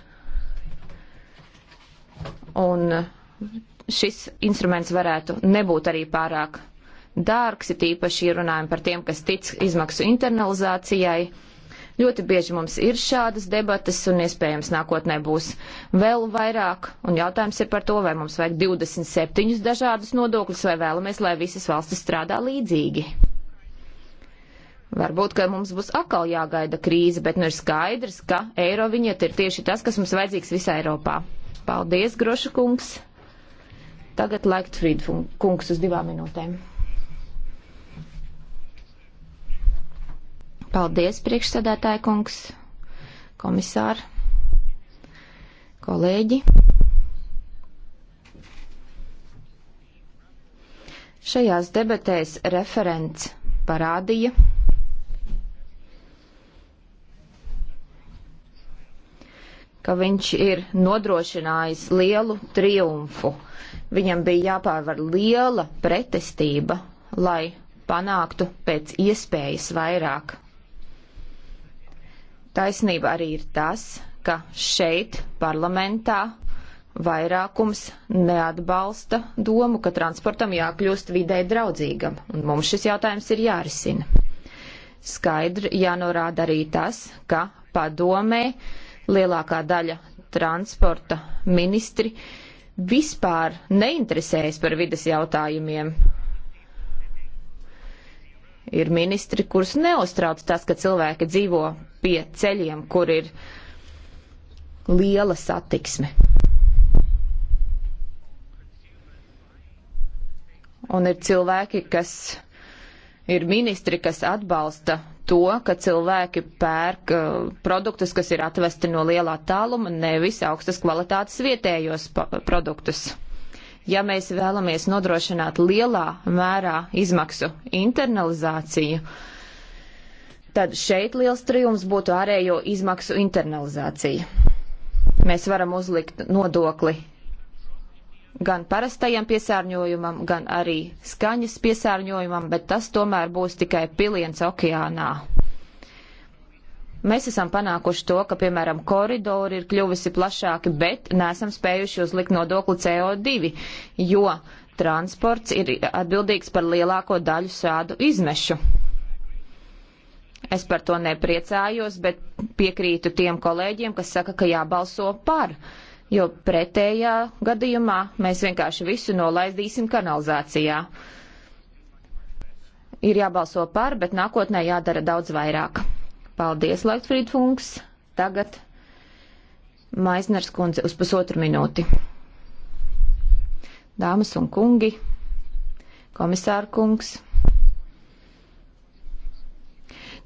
Un šis instruments varētu nebūt arī pārāk dārgs, ir tīpaši runājumi par tiem, kas tic izmaksu internalizācijai. Ļoti bieži mums ir šādas debatas un iespējams nākotnē būs vēl vairāk. Un jautājums ir par to, vai mums vajag 27 dažādus nodokļus vai vēlamies, lai visas valstis strādā līdzīgi. Varbūt, ka mums būs atkal jāgaida krīze, bet nu ir skaidrs, ka eiro viņiet ir tieši tas, kas mums vajadzīgs visā Eiropā. Paldies, Groša kungs! Tagad laikt Frīd kungs uz divām minūtēm. Paldies, priekšsēdētāja kungs, komisāri, kolēģi. Šajās debatēs referents parādīja, ka viņš ir nodrošinājis lielu triumfu. Viņam bija jāpārvar liela pretestība, lai panāktu pēc iespējas vairāk. Taisnība arī ir tas, ka šeit parlamentā vairākums neatbalsta domu, ka transportam jākļūst vidē draudzīgam, un mums šis jautājums ir jārisina. Skaidri jānorāda arī tas, ka padomē lielākā daļa transporta ministri vispār neinteresējas par vidas jautājumiem, Ir ministri, kurus neuztrauc tas, ka cilvēki dzīvo pie ceļiem, kur ir liela satiksme. Un ir cilvēki, kas ir ministri, kas atbalsta to, ka cilvēki pērk uh, produktus, kas ir atvesti no lielā tāluma, nevis augstas kvalitātes vietējos produktus ja mēs vēlamies nodrošināt lielā mērā izmaksu internalizāciju, tad šeit liels trijums būtu ārējo izmaksu internalizācija. Mēs varam uzlikt nodokli gan parastajam piesārņojumam, gan arī skaņas piesārņojumam, bet tas tomēr būs tikai piliens okeānā. Mēs esam panākuši to, ka, piemēram, koridori ir kļuvisi plašāki, bet nesam spējuši uzlikt nodokli CO2, jo transports ir atbildīgs par lielāko daļu šādu izmešu. Es par to nepriecājos, bet piekrītu tiem kolēģiem, kas saka, ka jābalso par, jo pretējā gadījumā mēs vienkārši visu nolaidīsim kanalizācijā. Ir jābalso par, bet nākotnē jādara daudz vairāk. Paldies, Leitfrīd Funks. Tagad Maisners kundze uz pusotru minūti. Dāmas un kungi, komisāra kungs.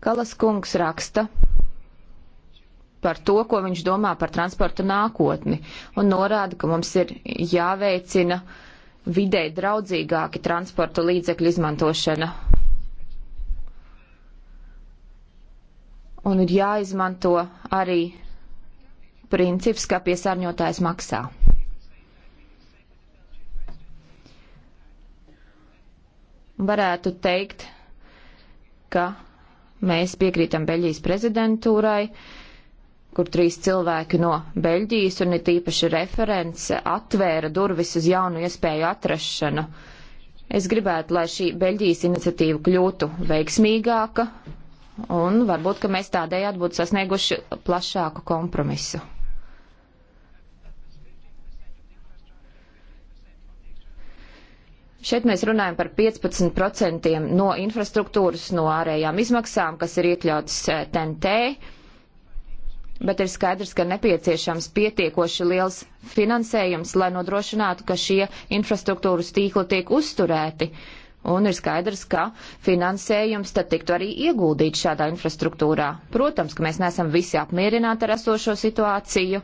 Kalas kungs raksta par to, ko viņš domā par transporta nākotni, un norāda, ka mums ir jāveicina vidē draudzīgāki transporta līdzekļu izmantošana un ir jāizmanto arī princips, ka piesārņotājs maksā. Varētu teikt, ka mēs piekrītam Beļģijas prezidentūrai, kur trīs cilvēki no Beļģijas un it īpaši referents atvēra durvis uz jaunu iespēju atrašanu. Es gribētu, lai šī Beļģijas iniciatīva kļūtu veiksmīgāka, un varbūt, ka mēs tādējādi būtu sasnieguši plašāku kompromisu. Šeit mēs runājam par 15% no infrastruktūras, no ārējām izmaksām, kas ir iekļautas TNT, eh, bet ir skaidrs, ka nepieciešams pietiekoši liels finansējums, lai nodrošinātu, ka šie infrastruktūras tīkli tiek uzturēti. Uh, un ir skaidrs, ka finansējums tad tiktu arī ieguldīts šādā infrastruktūrā. Protams, ka mēs neesam visi apmierināti ar esošo situāciju,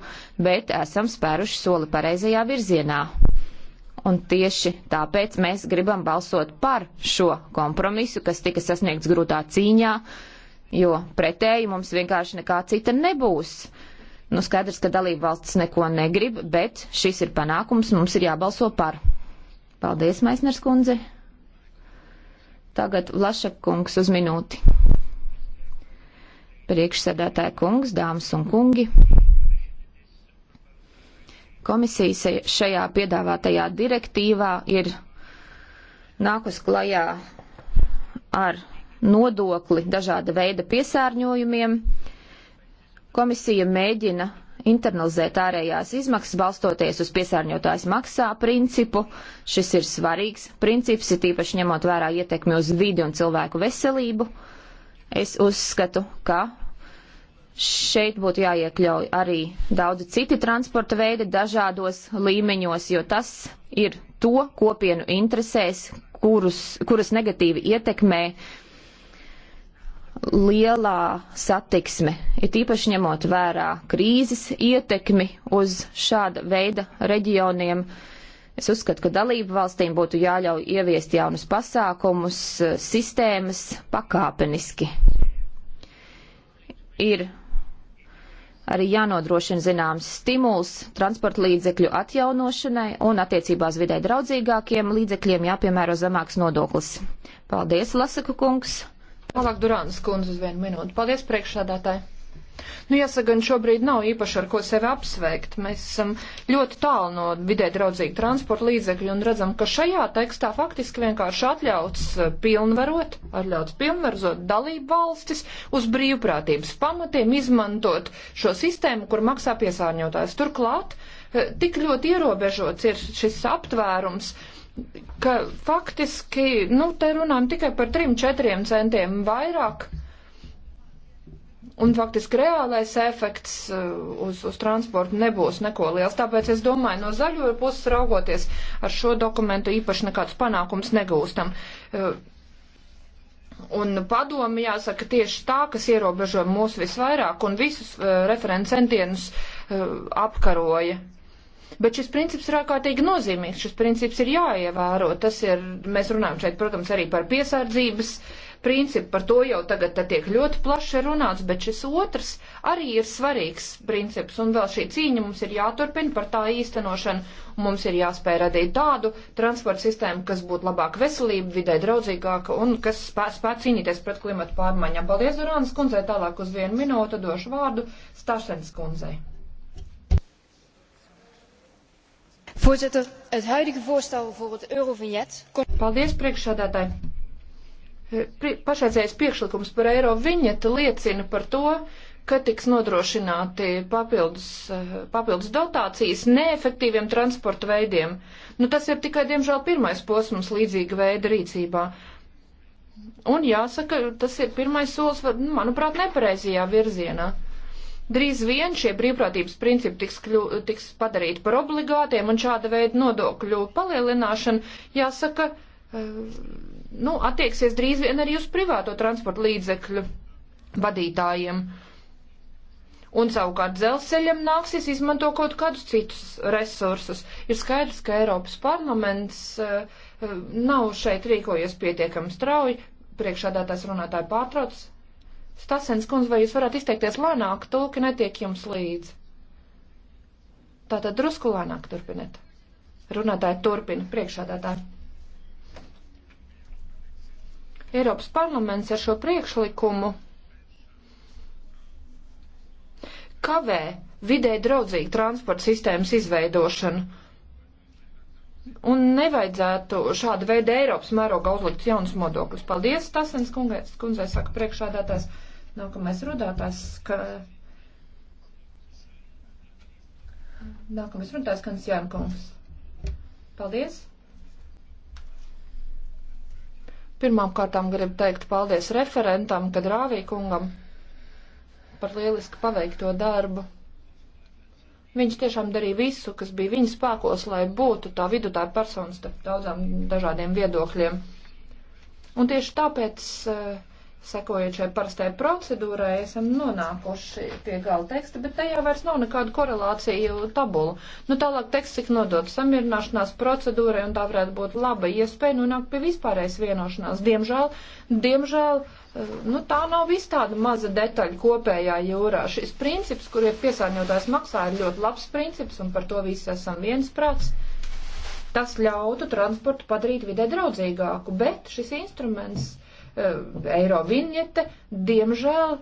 bet esam spēruši soli pareizajā virzienā. Un tieši tāpēc mēs gribam balsot par šo kompromisu, kas tika sasniegts grūtā cīņā, jo pretēji mums vienkārši nekā cita nebūs. Nu, skaidrs, ka dalība valsts neko negrib, bet šis ir panākums, mums ir jābalso par. Paldies, Maisners kundze! Tagad Lašakungs uz minūti. Priekšsēdētāja kungs, dāmas un kungi. Komisija šajā piedāvātajā direktīvā ir nākus klajā ar nodokli dažāda veida piesārņojumiem. Komisija mēģina internalizēt ārējās izmaksas balstoties uz piesārņotājs maksā principu. Šis ir svarīgs princips, ir tīpaši ņemot vērā ietekmi uz vidi un cilvēku veselību. Es uzskatu, ka šeit būtu jāiekļauj arī daudzi citi transporta veidi dažādos līmeņos, jo tas ir to kopienu interesēs, kurus, kuras negatīvi ietekmē uh, lielā satiksme, it īpaši ņemot vērā krīzes ietekmi uz šāda veida reģioniem. Es uzskatu, ka dalību valstīm būtu jāļauj ieviest jaunus pasākumus, sistēmas pakāpeniski. Ir arī jānodrošina zināms stimuls transporta līdzekļu atjaunošanai un attiecībās vidē draudzīgākiem līdzekļiem jāpiemēro zemāks nodoklis. Paldies, Lasaku kungs! Tālāk Durānas kundze uz vienu minūti. Paldies priekšsādātāji! Nu, jāsaka, gan šobrīd nav īpaši ar ko sevi apsveikt. Mēs esam ļoti tālu no vidē draudzīga transporta līdzekļa un redzam, ka šajā tekstā faktiski vienkārši atļauts eh, pilnvarot, atļauts pilnvarot dalību valstis uz brīvprātības pamatiem, izmantot šo sistēmu, kur maksā piesārņotājs. Turklāt eh, tik ļoti ierobežots ir šis aptvērums ka faktiski, nu, te runājam tikai par 3-4 centiem vairāk. Un faktiski reālais efekts uh, uz, uz transportu nebūs neko liels. Tāpēc es domāju, no zaļo puses raugoties ar šo dokumentu īpaši nekādus panākums negūstam. Uh, un padomi jāsaka tieši tā, kas ierobežo mūs visvairāk un visus uh, referencentienus apkaroja. Bet šis princips ir ārkārtīgi nozīmīgs, šis princips ir jāievēro. Tas ir, mēs runājam šeit, protams, arī par piesardzības principu, par to jau tagad tiek ļoti plaši runāts, bet šis otrs arī ir svarīgs princips, un vēl šī cīņa mums ir jāturpina par tā īstenošanu, un mums ir jāspēj radīt tādu transporta sistēmu, kas būtu labāk veselība, vidē draudzīgāka, un kas spē, spē cīnīties pret klimatu pārmaiņām. Paldies, Durānas kundzei, tālāk uz vienu minūtu došu vārdu Stašens kundzei. Voorzitter, het huidige voorstel voor het Eurovignet. Paldies, priekšsādātāji! Eh, pašreizējais priekšlikums par eiro viņetu liecina par to, ka tiks nodrošināti papildus, eh, papildus dotācijas neefektīviem transporta veidiem. Nu, tas ir tikai, diemžēl, pirmais posms līdzīga veida rīcībā. Un jāsaka, tas ir pirmais solis, manuprāt, nepareizajā virzienā. Drīz vien šie brīvprātības principi tiks, kļu, tiks padarīti par obligātiem, un šāda veida nodokļu palielināšana, jāsaka, eh, nu, attieksies drīz vien arī uz privāto transporta līdzekļu vadītājiem. Un savukārt dzelzceļam nāksies izmanto kaut kādus citus resursus. Ir skaidrs, ka Eiropas parlaments uh, nav šeit rīkojies pietiekami strauji. Priekšādātājs runātāji pārtrauc. Stasens kundze, vai jūs varētu izteikties lēnāk, tulki netiek jums līdzi. Tātad drusku lēnāk turpiniet. Runātāji turpina priekšādātāji. Eiropas parlaments ar šo priekšlikumu kavē vidē draudzīgu transporta sistēmas izveidošanu Un nevajadzētu šāda veida Eiropas mēroga uzlikt jaunus nodokļus. Paldies, Tasens kundzei, saka priekšādātājs. Nākamais rudātājs, ka. Nākamais rudātājs, Kans Jankungs. Paldies. Pirmām kārtām gribu teikt paldies referentam, kad Rāvī kungam par lieliski paveikto darbu. Viņš tiešām darīja visu, kas bija viņa spēkos, lai būtu tā vidutāja persona starp daudzām dažādiem viedokļiem. Un tieši tāpēc, eh, sekojot šai parastai procedūrai, esam nonākuši pie gala teksta, bet tajā vairs nav nekādu korelāciju tabulu. Nu, tālāk teksts tika nodots samierināšanās procedūrai, un tā varētu būt laba iespēja nonākt pie vispārējais vienošanās. Diemžēl, diemžēl. Uh, nu, tā nav viss tāda maza detaļa kopējā jūrā. Šis princips, kur ir piesārņotājs maksā, ir ļoti labs princips, un par to visi esam viensprāts. Tas ļautu transportu padarīt vidē draudzīgāku, bet šis instruments, e, eiro vinjete, diemžēl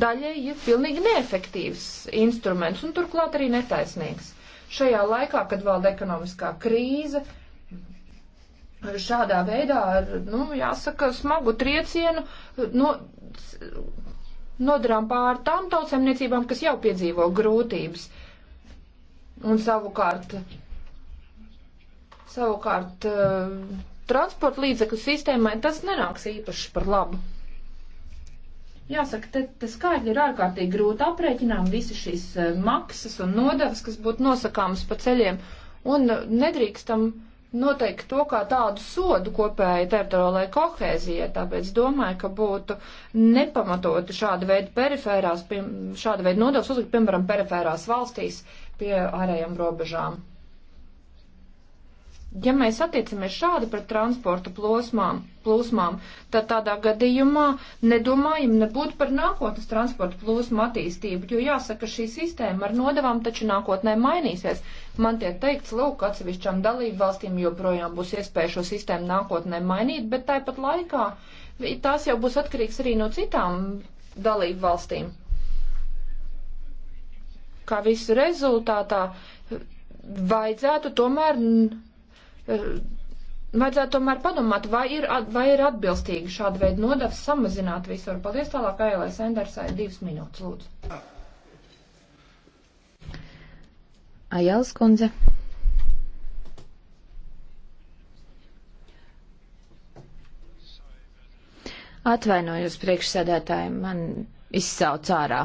daļai ir pilnīgi neefektīvs instruments un turklāt arī netaisnīgs. Šajā laikā, kad valda ekonomiskā krīze, šādā veidā ar, nu, jāsaka, smagu triecienu no, nu, nodarām pār tām tautsemniecībām, kas jau piedzīvo grūtības. Un savukārt, savukārt eh, transporta līdzekļu sistēmai tas nenāks īpaši par labu. Jāsaka, te, te skaitļi ir ārkārtīgi grūti aprēķinām, visas šīs eh, maksas un nodevas, kas būtu nosakāmas pa ceļiem, un eh, nedrīkstam uh, noteikt to kā tādu sodu kopēji teritoriālajai kohēzijai, tāpēc domāju, ka būtu nepamatoti šāda veida perifērās, šāda veida nodevs uzlikt, piemēram, perifērās valstīs pie ārējām robežām. Ja mēs attiecamies šādi pret transporta plosmām, plūsmām, tad tādā gadījumā nedomājam nebūtu par nākotnes transporta plūsmu attīstību, jo jāsaka, šī sistēma ar nodevām taču nākotnē mainīsies. Man tiek teikts, lūk, atsevišķām dalību valstīm joprojām būs iespēja šo sistēmu nākotnē mainīt, bet tāpat laikā tās jau būs atkarīgs arī no citām dalību valstīm. Kā visu rezultātā vajadzētu tomēr Eh, vajadzētu tomēr padomāt, vai ir, vai ir atbilstīgi šāda veida nodevs samazināt visur. Paldies tālāk, Ailēs Endersai, divas minūtes, lūdzu. Ajāls kundze. Atvainojos priekšsēdētāji, man izsauc ārā.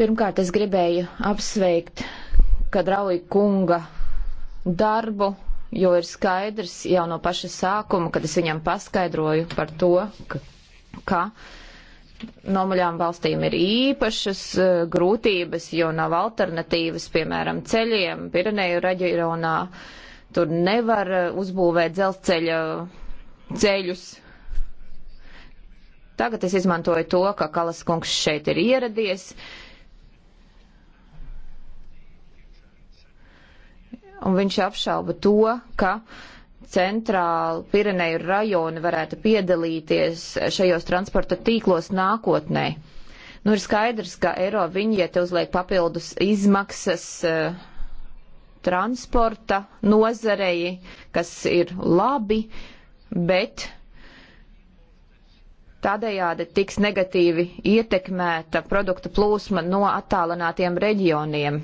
Pirmkārt, es gribēju apsveikt, ka Drauli kunga darbu, jo ir skaidrs jau no paša sākuma, kad es viņam paskaidroju par to, ka, ka nomaļām valstīm ir īpašas uh, grūtības, jo nav alternatīvas, piemēram, ceļiem Pireneju reģionā. Tur nevar e, uzbūvēt dzelzceļa ceļus. Tagad es izmantoju to, ka Kalas kungs šeit ir ieradies. Uh, un viņš apšauba to, ka centrāla Pireneju rajona varētu piedalīties šajos transporta tīklos nākotnē. Nu, ir skaidrs, ka eiro viņiete uzliek papildus izmaksas uh, transporta nozarei, kas ir labi, bet tādējādi tiks negatīvi ietekmēta produktu plūsma no attālinātiem reģioniem.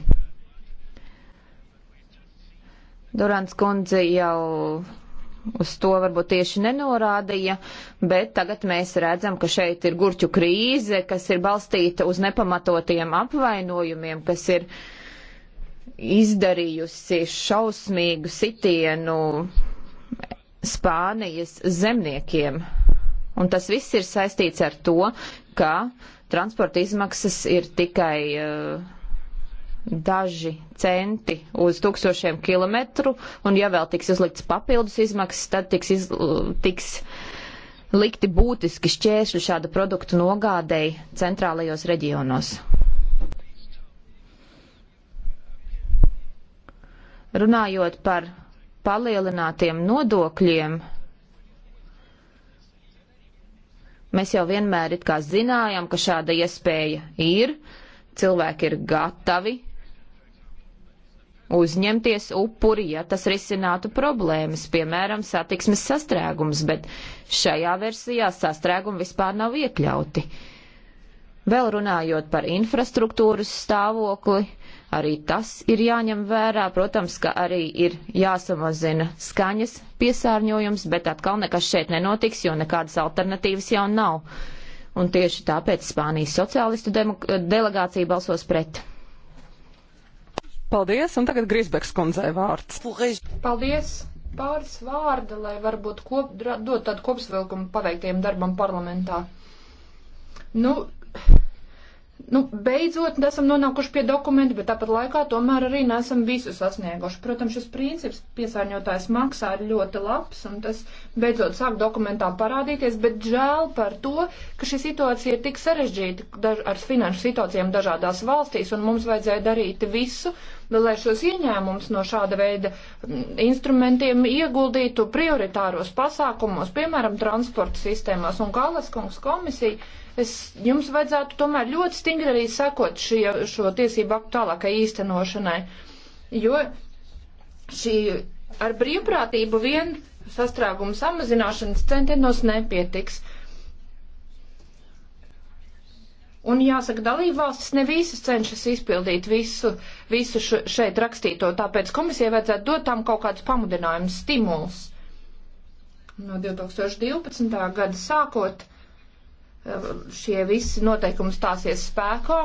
Durants kundze jau uz to varbūt tieši nenorādīja, bet tagad mēs redzam, ka šeit ir gurķu krīze, kas ir balstīta uz nepamatotiem apvainojumiem, kas ir izdarījusi šausmīgu sitienu Spānijas zemniekiem. Un tas viss ir saistīts ar to, ka transporta izmaksas ir tikai uh, daži centi uz tūkstošiem kilometru, un ja vēl tiks uzlikts papildus izmaksas, tad tiks, iz, tiks likti būtiski šķēršļi šādu produktu nogādēji centrālajos reģionos. Runājot par palielinātiem nodokļiem, mēs jau vienmēr it kā zinājām, ka šāda iespēja ir, cilvēki ir gatavi uzņemties upuri, ja tas risinātu problēmas, piemēram, satiksmes sastrēgums, bet šajā versijā sastrēgumi vispār nav iekļauti. Vēl runājot par infrastruktūras stāvokli, arī tas ir jāņem vērā. Protams, ka arī ir jāsamazina skaņas piesārņojums, bet atkal nekas šeit nenotiks, jo nekādas alternatīvas jau nav. Un tieši tāpēc Spānijas sociālistu delegācija balsos pret. Paldies, un tagad Grisbeks kundzei vārds. Paldies! Pāris vārdi, lai varbūt kop, dot tādu kopsvilkumu paveiktiem darbam parlamentā. Nu, Nu, beidzot, esam nonākuši pie dokumentu, bet tāpat laikā tomēr arī nesam visu sasnieguši. Protams, šis princips piesārņotājs maksā ir ļoti labs, un tas beidzot sāk dokumentā parādīties, bet žēl par to, ka šī situācija ir tik sarežģīta daž, ar finanšu situācijām dažādās valstīs, un mums vajadzēja darīt visu, bet nu, lai šos ieņēmumus no šāda veida mm, instrumentiem ieguldītu prioritāros pasākumos, piemēram, transporta sistēmās. Un kā Laskungs komisija, es, jums vajadzētu tomēr ļoti stingri arī sekot šie, šo tiesību aktu tālākai īstenošanai, jo šī ar brīvprātību vien sastrāguma samazināšanas centienos nepietiks. Un jāsaka, dalībvalstis ne visas cenšas izpildīt visu, visu šeit rakstīto, tāpēc komisijai vajadzētu dot tam kaut kādus pamudinājumus, stimulus. No 2012. gada sākot eh, šie visi noteikumi stāsies spēkā,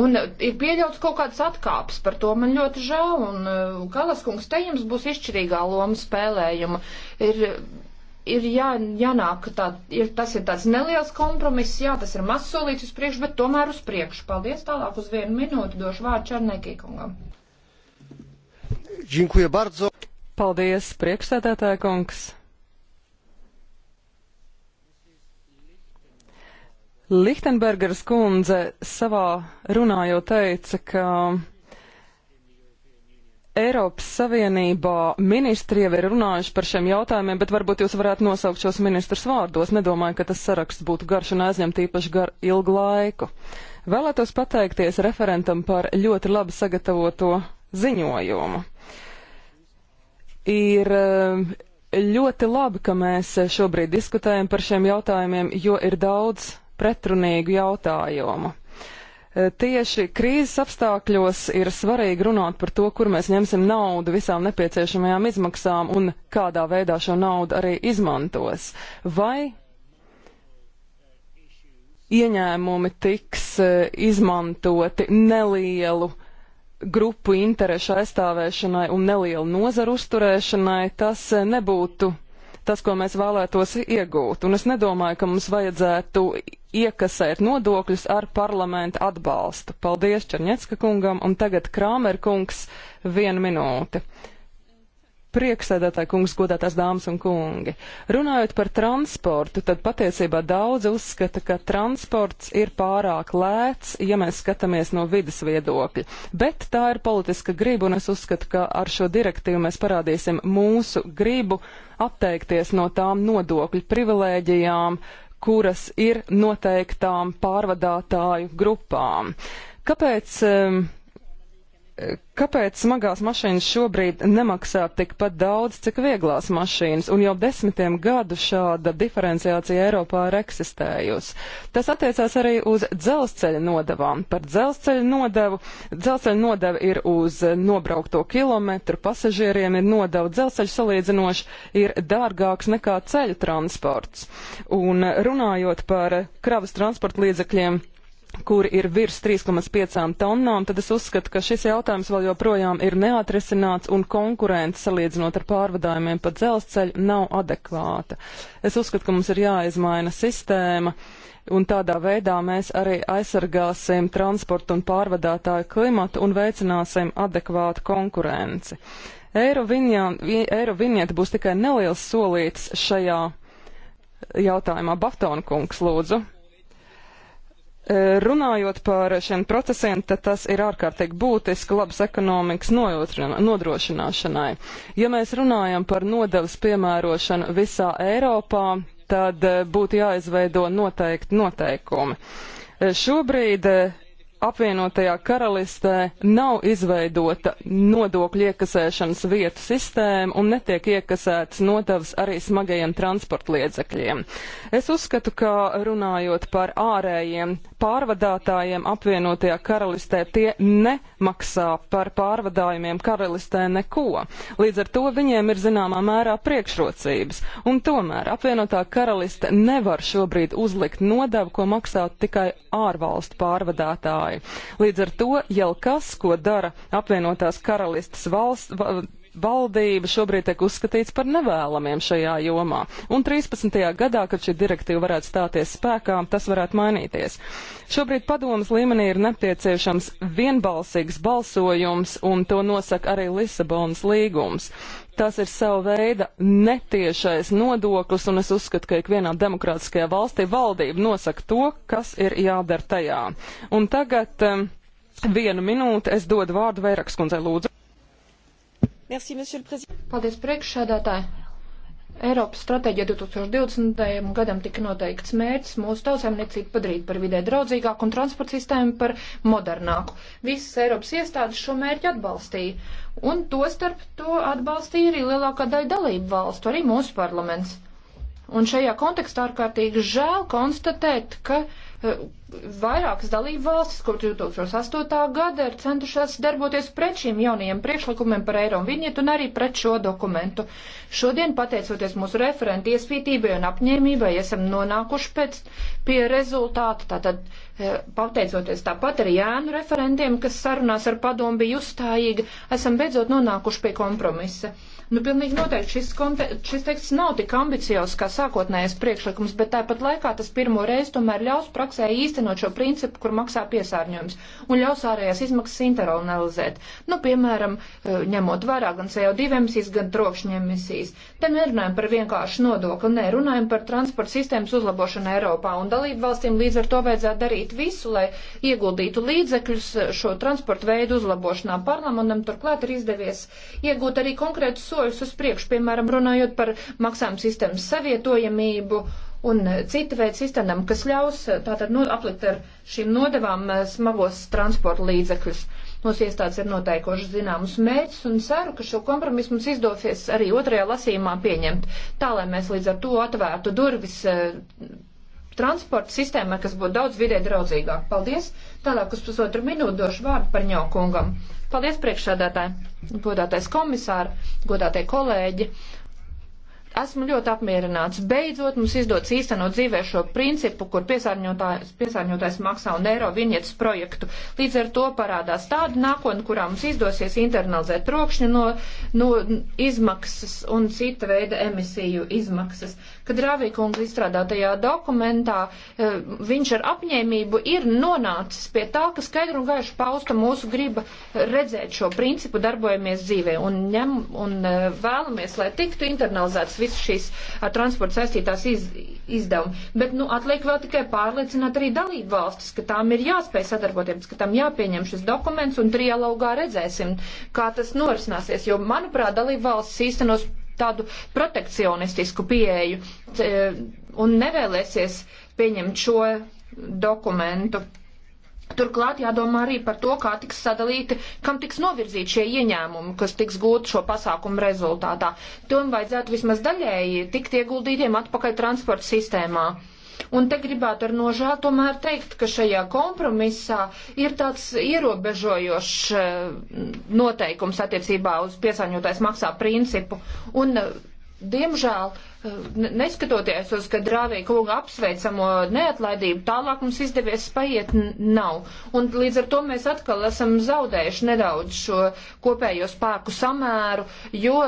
Un ir pieļauts kaut kāds atkāps, par to man ļoti žēl, un Kalaskungs eh, te jums būs izšķirīgā loma spēlējuma. Ir ir jā, jānāk, tā, ir, tas ir tāds neliels kompromiss, jā, tas ir mazs solīts uz priekšu, bet tomēr uz priekšu. Paldies, tālāk uz vienu minūti došu vārdu Čarnēkīkungam. Džinkuja bardzo. Paldies, priekšsēdētāja kungs. Lichtenbergers kundze savā runā jau teica, ka Eiropas Savienībā ministri jau ir runājuši par šiem jautājumiem, bet varbūt jūs varētu nosaukt šos ministrus vārdos. Nedomāju, ka tas saraksts būtu garš un aizņemt īpaši gar ilgu laiku. Vēlētos pateikties referentam par ļoti labi sagatavoto ziņojumu ir eh, ļoti labi, ka mēs šobrīd diskutējam par šiem jautājumiem, jo ir daudz pretrunīgu jautājumu. Eh, tieši krīzes apstākļos ir svarīgi runāt par to, kur mēs ņemsim naudu visām nepieciešamajām izmaksām un kādā veidā šo naudu arī izmantos. Vai ieņēmumi tiks eh, izmantoti nelielu grupu interešu aizstāvēšanai un nelielu nozaru uzturēšanai, tas eh, nebūtu tas, ko mēs vēlētos iegūt. Un es nedomāju, ka mums vajadzētu iekasēt nodokļus ar parlamenta atbalstu. Paldies Černiecka kungam un tagad Krāmer kungs vienu minūti. Prieksēdētāji kungs, godātās dāmas un kungi. Runājot par transportu, tad patiesībā daudz uzskata, ka transports ir pārāk lēts, ja mēs skatāmies no vidas viedokļa. Bet tā ir politiska griba, un es uzskatu, ka ar šo direktīvu mēs parādīsim mūsu gribu atteikties no tām nodokļu privilēģijām, kuras ir noteiktām pārvadātāju grupām. Kāpēc um, Kāpēc smagās mašīnas šobrīd nemaksā tikpat daudz, cik vieglās mašīnas, un jau desmitiem gadu šāda diferenciācija Eiropā ir eksistējusi? Tas attiecās arī uz dzelzceļa nodevām. Par dzelzceļa nodevu. Dzelzceļa nodeva ir uz nobraukto kilometru, pasažieriem ir nodeva. Dzelzceļa salīdzinoši ir dārgāks nekā ceļa transports. Un runājot par kravas transporta līdzekļiem, kur ir virs 3,5 tonnām, tad es uzskatu, ka šis jautājums vēl joprojām ir neatrisināts un konkurence salīdzinot ar pārvadājumiem pa dzelzceļu nav adekvāta. Es uzskatu, ka mums ir jāizmaina sistēma. Un tādā veidā mēs arī aizsargāsim transportu un pārvadātāju klimatu un veicināsim adekvātu konkurenci. Eiro vinieta būs tikai neliels solīts šajā jautājumā. Baftona kungs, lūdzu. Runājot par šiem procesiem, tad tas ir ārkārtīgi būtiski labas ekonomikas nodrošināšanai. Ja mēs runājam par nodevas piemērošanu visā Eiropā, tad eh, būtu jāizveido noteikti noteikumi. Eh, šobrīd eh, apvienotajā karalistē nav izveidota nodokļu iekasēšanas vietu sistēma un netiek iekasētas notavas arī smagajiem transportliedzekļiem. Es uzskatu, ka runājot par ārējiem pārvadātājiem apvienotajā karalistē, tie nemaksā par pārvadājumiem karalistē neko. Līdz ar to viņiem ir zināmā mērā priekšrocības. Un tomēr apvienotā karaliste nevar šobrīd uzlikt nodevu, ko maksā tikai ārvalstu pārvadātāji. Eiropai. Līdz ar to jau kas, ko dara apvienotās karalistas valsts. Va, Valdība šobrīd tiek uzskatīts par nevēlamiem šajā jomā, un 13. gadā, kad šī direktīva varētu stāties spēkā, tas varētu mainīties. Šobrīd padomas līmenī ir nepieciešams vienbalsīgs balsojums, un to nosaka arī Lisabonas līgums. Tas ir sava veida netiešais nodoklis, un es uzskatu, ka ikvienā demokrātiskajā valstī valdība nosaka to, kas ir jādara tajā. Un tagad um, vienu minūti es dodu vārdu Vairakskundzei Lūdzu. Merci, Paldies, priekšsēdētāji! Eiropas stratēģija 2020. gadam tika noteikts mērķis mūsu tautsēmniecību padarīt par vidē draudzīgāku un transporta sistēmu par modernāku. Visas Eiropas iestādes šo mērķi atbalstīja, un to starp to atbalstīja arī lielākā daļa dalību valstu, arī mūsu parlaments. Un šajā kontekstā ārkārtīgi žēl konstatēt, ka Eh, vairākas dalību valstis kopš 2008. gada ir centušās darboties pret šīm jaunajiem priekšlikumiem par eiro un viņietu un arī pret šo dokumentu. Šodien, pateicoties mūsu referentu iespītībai un apņēmībai, esam nonākuši pēc pie rezultāta. Tātad, eh, pateicoties tāpat arī Jānu referentiem, kas sarunās ar padomu bija uzstājīga, esam beidzot nonākuši pie kompromisa. Nu, pilnīgi noteikti šis, konte, šis teksts nav tik ambiciozs kā sākotnējais priekšlikums, bet tāpat laikā tas pirmo reizi tomēr ļaus praksē īstenot šo principu, kur maksā piesārņojums un ļaus ārējās izmaksas internalizēt. Nu, piemēram, eh, ņemot vērā gan CO2 emisijas, gan trokšņa emisijas. Te nu nerunājam par vienkāršu nodokli, nē, runājam par transporta sistēmas uzlabošanu Eiropā un dalību valstīm līdz ar to vajadzētu darīt visu, lai ieguldītu līdzekļus eh, šo transporta veidu uzlabošanā. Parlamentam turklāt ir izdevies iegūt arī konkrētu soļu soļus uz priekšu, piemēram, runājot par maksājumu sistēmas savietojamību un citu veidu sistēmām, kas ļaus eh, tātad no, nu, aplikt ar šīm nodevām eh, smagos transporta līdzekļus. Mūsu iestādes ir noteikoši zināmus mērķus un ceru, ka šo kompromisu mums izdosies arī otrajā lasījumā pieņemt, tā lai mēs līdz ar to atvērtu durvis eh, transporta sistēmai, kas būtu daudz vidē draudzīgāk. Paldies! Tālāk uz pusotru minūtu došu vārdu par ņaukungam. Paldies priekšsādātāji, godātais komisāri, godātie kolēģi esmu ļoti apmierināts. Beidzot mums izdodas īstenot dzīvē šo principu, kur piesārņotājs, piesārņotājs maksā un eiro viņietas projektu. Līdz ar to parādās tāda nākotne, kurā mums izdosies internalizēt trokšņu no, no izmaksas un cita veida emisiju izmaksas. Kad Rāvīkungs izstrādātajā dokumentā, eh, viņš ar apņēmību ir nonācis pie tā, ka skaidru un gaišu pausta mūsu griba redzēt šo principu darbojamies dzīvē un, ņem, un eh, vēlamies, lai tiktu internalizēts visas šīs ar transportu saistītās iz, izdevumi. Bet, nu, atliek vēl tikai pārliecināt arī dalību valstis, ka tām ir jāspēj sadarboties, ka tām jāpieņem šis dokuments un trialogā redzēsim, kā tas norisināsies. Jo, manuprāt, dalību valstis īstenos tādu protekcionistisku pieeju un nevēlēsies pieņemt šo dokumentu. Turklāt jādomā arī par to, kā tiks sadalīti, kam tiks novirzīti šie ieņēmumi, kas tiks gūti šo pasākumu rezultātā. Tom vajadzētu vismaz daļēji tikt ieguldītiem atpakaļ transporta sistēmā. Un te gribētu ar nožēlu tomēr teikt, ka šajā kompromisā ir tāds ierobežojošs eh, noteikums attiecībā uz piesāņotais maksā principu. Un eh, Diemžēl, eh, neskatoties uz, ka Drāvija kunga apsveicamo neatlaidību, tālāk mums izdevies paiet nav. Un līdz ar to mēs atkal esam zaudējuši nedaudz šo kopējo spēku samēru, jo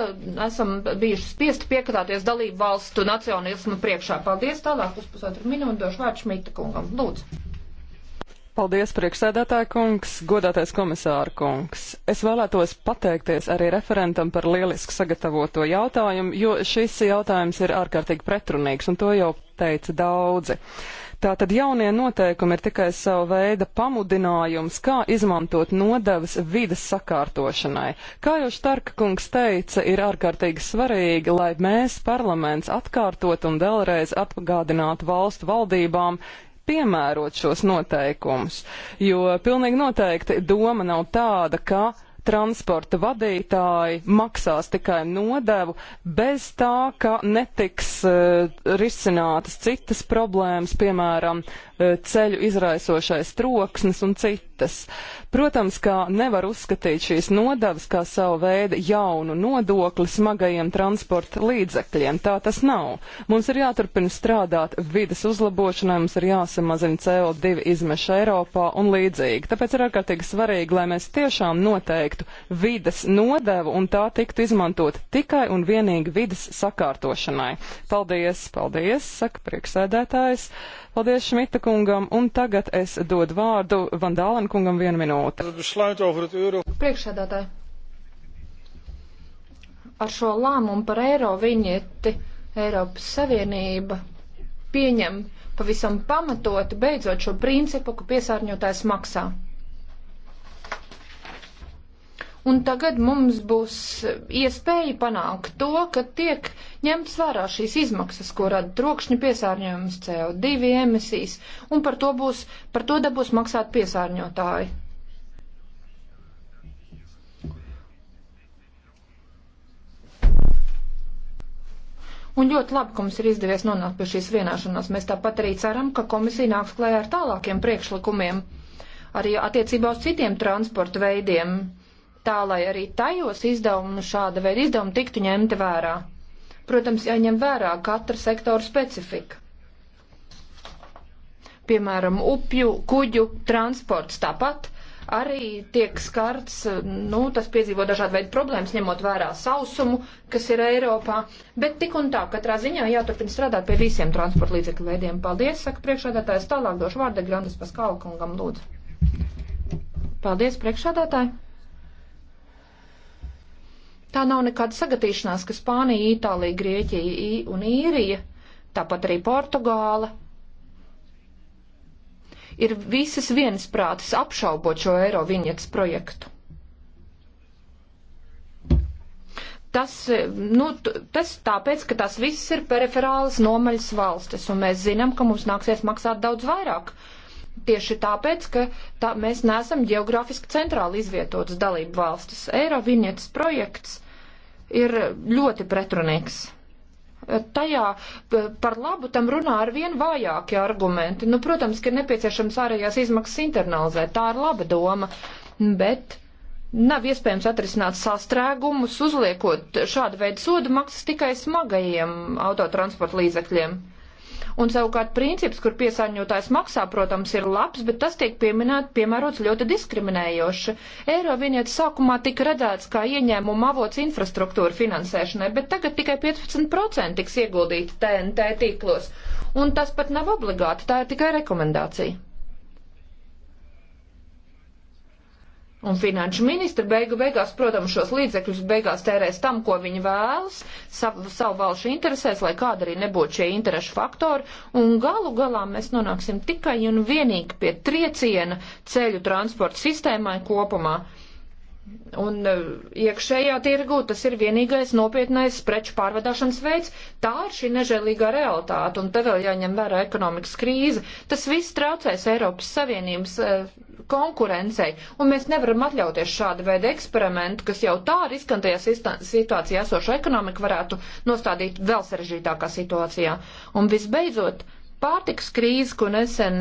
esam bijuši spiesti piekāpties dalību valstu nacionālismu priekšā. Paldies, tālāk uz pusotru minūtu došu vārdu Šmita kungam. Lūdzu. Paldies, priekšsēdētāja kungs, godātais komisāra kungs. Es vēlētos pateikties arī referentam par lielisku sagatavoto jautājumu, jo šis jautājums ir ārkārtīgi pretrunīgs, un to jau teica daudzi. Tātad jaunie noteikumi ir tikai sava veida pamudinājums, kā izmantot nodevas vidas sakārtošanai. Kā jau Štarka kungs teica, ir ārkārtīgi svarīgi, lai mēs, parlaments, atkārtot un vēlreiz atgādinātu valstu valdībām, piemērot šos noteikumus, jo pilnīgi noteikti doma nav tāda, ka transporta vadītāji maksās tikai nodevu, bez tā, ka netiks uh, risinātas citas problēmas, piemēram, uh, ceļu izraisošais troksnis un citas citas. Protams, ka nevar uzskatīt šīs nodavas kā savu veidu jaunu nodokli smagajiem transporta līdzekļiem. Tā tas nav. Mums ir jāturpina strādāt vidas uzlabošanai, mums ir jāsamazina CO2 izmeša Eiropā un līdzīgi. Tāpēc ir ārkārtīgi svarīgi, lai mēs tiešām noteiktu vidas nodevu un tā tiktu izmantot tikai un vienīgi vidas sakārtošanai. Paldies, paldies, saka priekšsēdētājs. Paldies Šmita kungam, un tagad es dodu vārdu Vandālam Luhan kungam viena minūte. Priekšsēdētāji. Ar šo lēmumu par eiro viņieti Eiropas Savienība pieņem pavisam pamatot beidzot šo principu, ka piesārņotājs maksā. Un tagad mums būs iespēja panākt to, ka tiek ņemts vērā šīs izmaksas, ko rada trokšņa piesārņojums, CO2 emisijas, un par to, būs, par to dabūs maksāt piesārņotāji. Un ļoti labi, ka mums ir izdevies nonākt pie šīs vienāšanās. Mēs tāpat arī ceram, ka komisija nāks klajā ar tālākiem priekšlikumiem, arī attiecībā uz citiem transporta veidiem tā lai arī tajos izdevumu, nu šāda veida izdevumi tiktu ņemti vērā. Protams, jāņem vērā katra sektora specifika piemēram, upju, kuģu transports tāpat arī tiek skarts, nu, tas piedzīvo dažādu veidu problēmas, ņemot vērā sausumu, kas ir Eiropā, bet tik un tā, katrā ziņā jāturpina strādāt pie visiem transporta līdzekļu veidiem. Paldies, saka priekšādātājs, tālāk došu vārdu Grandes Paskala kungam, lūdzu. Paldies, priekšādātāji! Tā nav nekāda sagatīšanās, ka Spānija, Itālija, Grieķija un Īrija, tāpat arī Portugāla, ir visas viensprātas apšaubot šo eiro viņietas projektu. tas, nu, tas tāpēc, ka tās visas ir periferālas nomaļas valstis, un mēs zinām, ka mums nāksies maksāt daudz vairāk. Tieši tāpēc, ka tā, mēs neesam geogrāfiski centrāli izvietotas dalību valstis. Eirovinietas projekts ir ļoti pretrunīgs. Tajā par labu tam runā ar vien vājākie argumenti. Nu, protams, ka ir nepieciešams ārējās izmaksas internalizēt. Tā ir laba doma, bet nav iespējams atrisināt sastrēgumus, uzliekot šādu veidu sodu maksas tikai smagajiem autotransporta līdzekļiem. Uh, Un savukārt princips, kur piesārņotājs maksā, protams, ir labs, bet tas tiek pieminēt, piemērots ļoti diskriminējoši. Eiro vienietas sākumā tika redzēts kā ieņēmuma avots infrastruktūra finansēšanai, bet tagad tikai 15% tiks ieguldīti TNT tīklos. Un tas pat nav obligāti, tā ir tikai rekomendācija. Un finanšu ministri beigu beigās, protams, šos līdzekļus beigās tērēs tam, ko viņi vēlas, savu, savu valšu interesēs, lai kāda arī nebūtu šie interešu faktori. Un galu galā mēs nonāksim tikai un vienīgi pie trieciena ceļu transporta sistēmai kopumā. Un e, iekšējā tirgu tas ir vienīgais nopietnais preču pārvadāšanas veids. Tā ir šī nežēlīgā realitāte, un te vēl jāņem vērā ekonomikas krīze. Tas viss traucēs Eiropas Savienības e, konkurencei, un mēs nevaram atļauties šādu veidu eksperimentu, kas jau tā riskantajā situācijā esošo ekonomiku varētu nostādīt vēl sarežģītākā situācijā. Un visbeidzot, Pārtiks krīze, ko nesen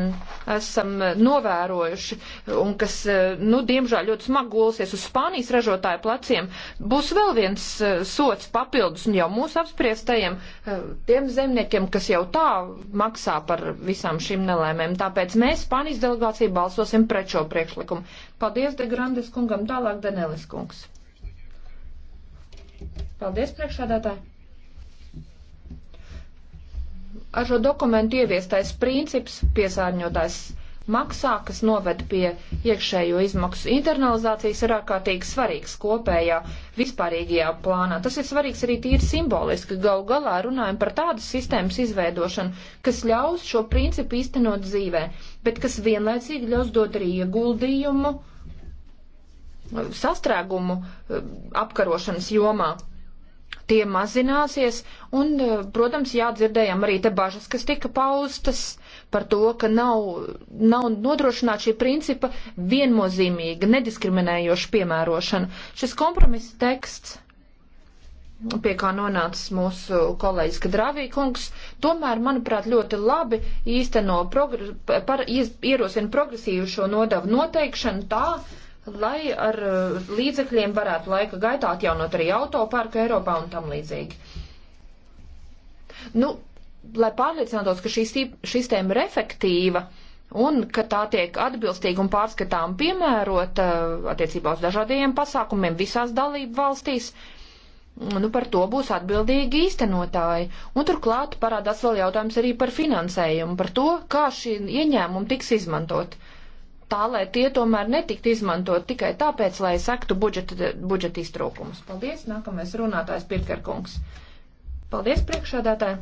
esam novērojuši un kas, eh, nu, diemžēl ļoti smagi gulsies uz Spānijas ražotāju pleciem, būs vēl viens eh, sots papildus un jau mūsu apspriestajiem eh, tiem zemniekiem, kas jau tā maksā par visām šīm nelēmēm. Tāpēc mēs Spānijas delegācija balsosim pret šo priekšlikumu. Paldies, De Grandes kungam, tālāk Denelis kungs. Paldies, priekšādātāji! ar šo dokumentu ieviestais princips piesārņotājs maksā, kas noved pie iekšējo izmaksu internalizācijas, ir ārkārtīgi svarīgs kopējā vispārīgajā plānā. Tas ir svarīgs arī tīri simboliski. Gal galā runājam par tādas sistēmas izveidošanu, kas ļaus šo principu īstenot dzīvē, bet kas vienlaicīgi ļaus dot arī ieguldījumu sastrēgumu eh, apkarošanas jomā tie mazināsies, un, eh, protams, jādzirdējām arī te bažas, kas tika paustas par to, ka nav, nav nodrošināta šī principa viennozīmīga, nediskriminējoša piemērošana. Šis kompromisa teksts, pie kā nonācis mūsu kolēģis Kadravī kungs, tomēr, manuprāt, ļoti labi īsteno progr par, ies, ierosina progresīvu šo nodevu noteikšanu tā, lai ar uh, līdzekļiem varētu laika gaitā atjaunot arī autoparku Eiropā un tam līdzīgi. Nu, lai pārliecinātos, ka šī sistēma ir efektīva un ka tā tiek atbilstīgi un pārskatām piemērota uh, attiecībā uz dažādajiem pasākumiem visās dalību valstīs, mm, nu, par to būs atbildīgi īstenotāji. Un turklāt parādās vēl jautājums arī par finansējumu, par to, kā šī ieņēmuma tiks izmantot. Uh, tā, lai tie tomēr netikt izmantot tikai tāpēc, lai sektu budžeta, budžeta iztrūkumus. Paldies, nākamais runātājs Pirkerkungs. Paldies, priekšādātāji.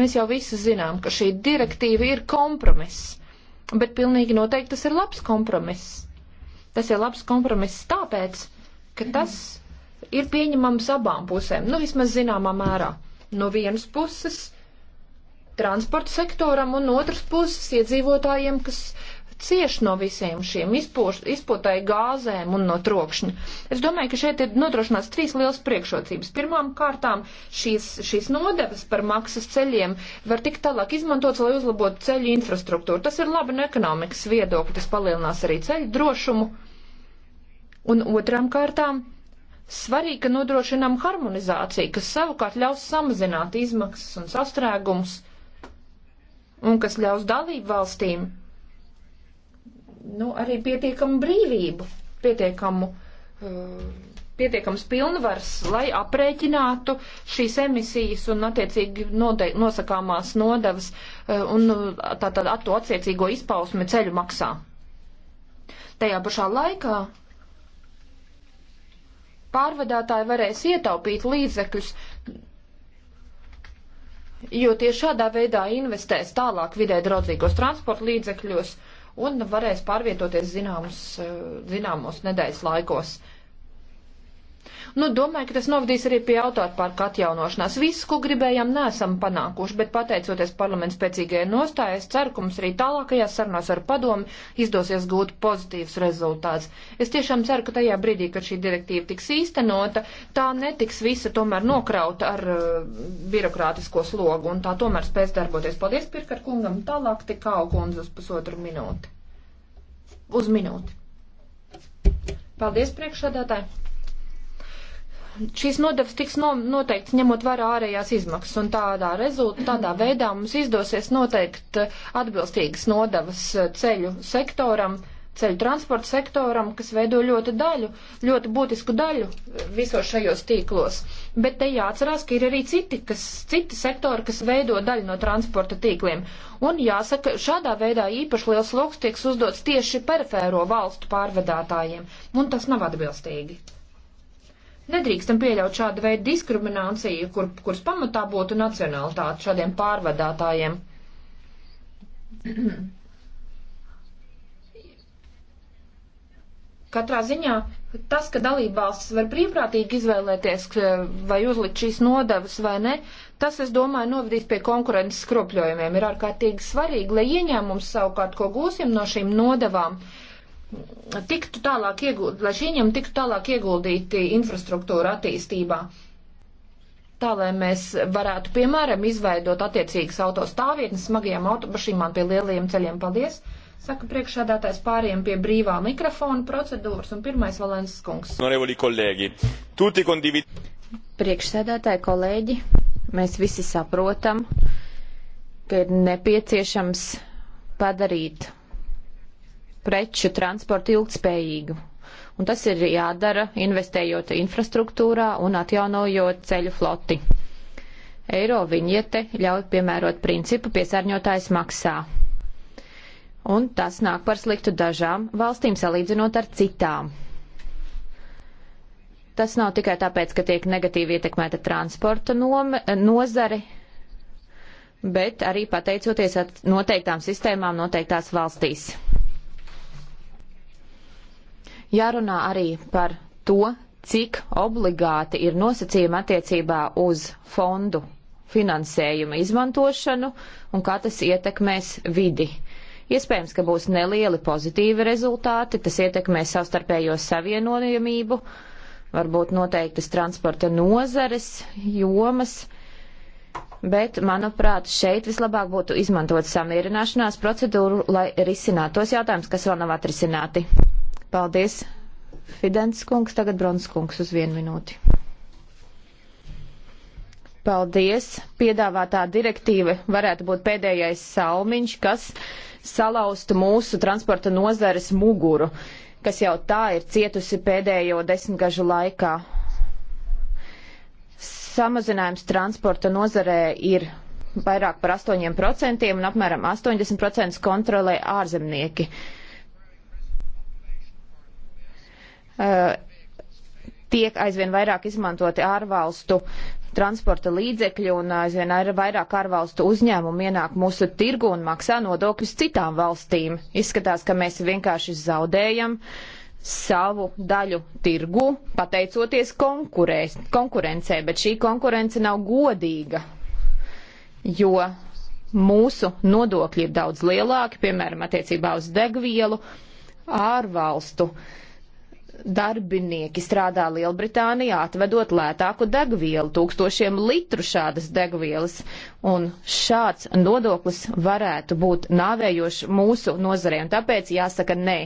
Mēs jau visi zinām, ka šī direktīva ir kompromiss, bet pilnīgi noteikti tas ir labs kompromiss. Tas ir labs kompromiss tāpēc, ka tas ir pieņemams abām pusēm, nu vismaz zināmā mērā. No vienas puses transporta sektoram un otras puses iedzīvotājiem, kas cieš no visiem šiem izpotāju gāzēm un no trokšņa. Es domāju, ka šeit ir nodrošināts trīs liels priekšrocības. Pirmām kārtām šīs, šīs nodevas par maksas ceļiem var tik tālāk izmantots, lai uzlabotu ceļu infrastruktūru. Tas ir labi no ekonomikas viedokļa, tas palielinās arī ceļu drošumu. Un otrām kārtām svarīgi, ka nodrošinām harmonizāciju, kas savukārt ļaus samazināt izmaksas un sastrēgumus un kas ļaus dalību valstīm nu, arī pietiekamu brīvību, pietiekamu, uh, pietiekams pilnvars, lai aprēķinātu šīs emisijas un attiecīgi nodei, nosakāmās nodevas uh, un nu, tātad tā, to attiecīgo izpausmi ceļu maksā. Tajā pašā laikā pārvadātāji varēs ietaupīt līdzekļus, uh, jo tieši šādā veidā investēs tālāk vidē draudzīgos transporta līdzekļos un varēs pārvietoties zināmus, eh, zināmos nedēļas laikos. Nu, domāju, ka tas novadīs arī pie autotparka atjaunošanās. Viss, ko gribējām, nesam panākuši, bet pateicoties parlamentu spēcīgajai nostājai, es ceru, ka mums arī tālākajās sarunās ar padomu izdosies gūt pozitīvs rezultāts. Es tiešām ceru, ka tajā brīdī, kad šī direktīva tiks īstenota, tā netiks visa tomēr nokrauta ar uh, birokrātisko slogu un tā tomēr spēs darboties. Paldies, Pirkar kungam, tālāk tikā augundz uz pusotru minūti. Uz minūti. Paldies, priekšsādātāji! šīs nodevas tiks no, noteikts ņemot vērā ārējās izmaksas, un tādā, rezult, tādā veidā mums izdosies noteikt atbilstīgas nodevas ceļu sektoram, ceļu transporta sektoram, kas veido ļoti daļu, ļoti būtisku daļu visos šajos tīklos. Bet te jāatcerās, ka ir arī citi, kas, citi sektori, kas veido daļu no transporta tīkliem. Un jāsaka, šādā veidā īpaši liels loks tiek uzdots tieši perifēro valstu pārvedātājiem, un tas nav atbilstīgi. Nedrīkstam pieļaut šādu veidu diskrimināciju, kur, kuras pamatā būtu nacionalitāte šādiem pārvadātājiem. *clears throat* Katrā ziņā tas, ka dalībvalstis var brīvprātīgi izvēlēties, vai uzlikt šīs nodevas vai ne, tas, es domāju, novadīs pie konkurences skropļojumiem. Ir ārkārtīgi svarīgi, lai ieņēmums savukārt, ko gūsim no šīm nodevām, uh, tiktu tālāk ieguldīti, lai šīņam tiktu tālāk ieguldīti infrastruktūra attīstībā. Tā, lai mēs varētu, piemēram, izveidot attiecīgas autostāvvietnes smagajām automašīnām pie lielajiem ceļiem. Paldies! Saka priekšsēdētājs pāriem pie brīvā mikrofona procedūras un pirmais Valenses kungs. Priekšsēdētāji, kolēģi, mēs visi saprotam, ka ir nepieciešams padarīt preču transportu ilgspējīgu. Un tas ir jādara investējot infrastruktūrā un atjaunojot ceļu floti. Eiro viņiete ļauj piemērot principu piesārņotājs maksā. Un tas nāk par sliktu dažām valstīm salīdzinot ar citām. Tas nav tikai tāpēc, ka tiek negatīvi ietekmēta transporta nome, nozare, bet arī pateicoties noteiktām sistēmām noteiktās valstīs. Jārunā arī par to, cik obligāti ir nosacījumi attiecībā uz fondu finansējumu izmantošanu un kā tas ietekmēs vidi. Iespējams, ka būs nelieli pozitīvi rezultāti, tas ietekmēs savstarpējo savienojamību, varbūt noteiktas transporta nozares, jomas, bet, manuprāt, šeit vislabāk būtu izmantot samierināšanās procedūru, lai risinātu tos jautājumus, kas vēl nav atrisināti. Paldies, Fidens kungs, tagad Brons kungs uz vienu minūti. Paldies! Piedāvātā direktīva varētu būt pēdējais salmiņš, kas salauztu mūsu transporta nozares muguru, kas jau tā ir cietusi pēdējo desmitgažu laikā. Samazinājums transporta nozarē ir vairāk par 8% un apmēram 80% kontrolē ārzemnieki. Uh, Eh, tiek aizvien vairāk izmantoti ārvalstu transporta līdzekļi un aizvien vairāk ārvalstu uzņēmumu ienāk mūsu tirgu un maksā nodokļus citām valstīm. Izskatās, ka mēs vienkārši zaudējam savu daļu tirgu, pateicoties konkurencē, bet šī konkurence nav godīga, jo mūsu nodokļi ir daudz lielāki, piemēram, attiecībā uz degvielu ārvalstu. Uh, darbinieki strādā Lielbritānijā, atvedot lētāku degvielu, tūkstošiem litru šādas degvielas, un šāds nodoklis varētu būt nāvējošs mūsu nozarē, un tāpēc jāsaka nē.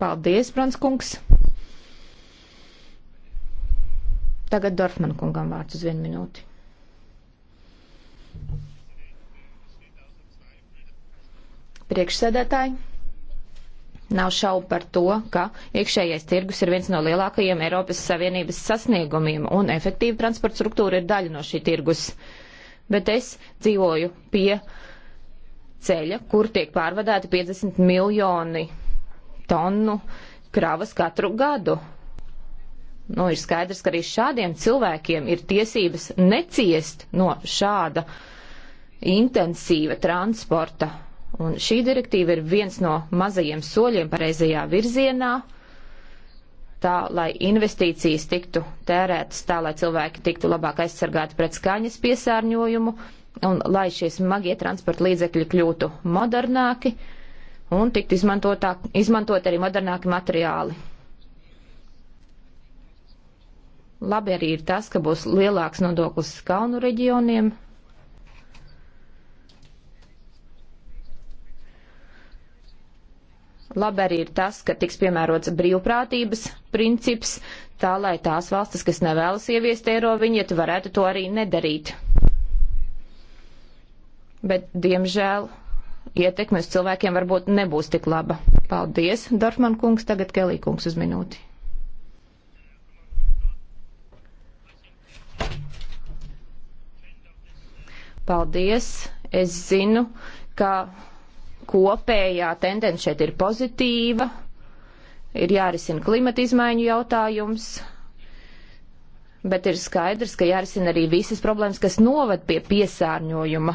Paldies, Pranskungs. Tagad Dorfman kungam vārds uz vienu minūti. Priekšsēdētāji. Nav šaubu par to, ka iekšējais tirgus ir viens no lielākajiem Eiropas Savienības sasniegumiem, un efektīva transporta struktūra ir daļa no šī tirgus. Bet es dzīvoju pie ceļa, kur tiek pārvadāti 50 miljoni tonu kravas katru gadu. Nu, ir skaidrs, ka arī šādiem cilvēkiem ir tiesības neciest no šāda intensīva transporta Un šī direktīva ir viens no mazajiem soļiem pareizajā virzienā, tā, lai investīcijas tiktu tērētas, tā, lai cilvēki tiktu labāk aizsargāti pret skaņas piesārņojumu, un lai šie smagie transporta līdzekļi kļūtu modernāki un tiktu izmantot arī modernāki materiāli. Labi arī ir tas, ka būs lielāks nodoklis kalnu reģioniem, Labi arī ir tas, ka tiks piemērots brīvprātības princips, tā lai tās valstis, kas nevēlas ieviest eiro viņietu, varētu to arī nedarīt. Bet, diemžēl, ietekme uz cilvēkiem varbūt nebūs tik laba. Paldies, Dorfman kungs, tagad Kelī kungs uz minūti. Paldies, es zinu, ka kopējā tendence šeit ir pozitīva, ir jārisina klimata izmaiņu jautājums, bet ir skaidrs, ka jārisina arī visas problēmas, kas noved pie piesārņojuma.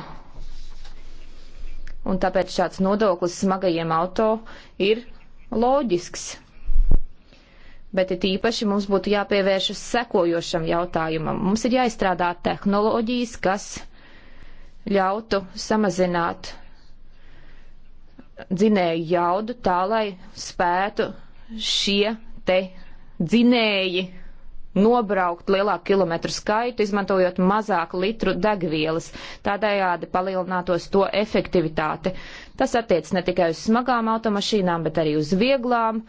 Un tāpēc šāds nodoklis smagajiem auto ir loģisks. Bet it īpaši mums būtu jāpievēršas sekojošam jautājumam. Mums ir jāizstrādā tehnoloģijas, kas ļautu samazināt dzinēju jaudu tā, lai spētu šie te dzinēji nobraukt lielāku kilometru skaitu, izmantojot mazāk litru degvielas. Tādējādi palielinātos to efektivitāte. Tas attiec ne tikai uz smagām automašīnām, bet arī uz vieglām.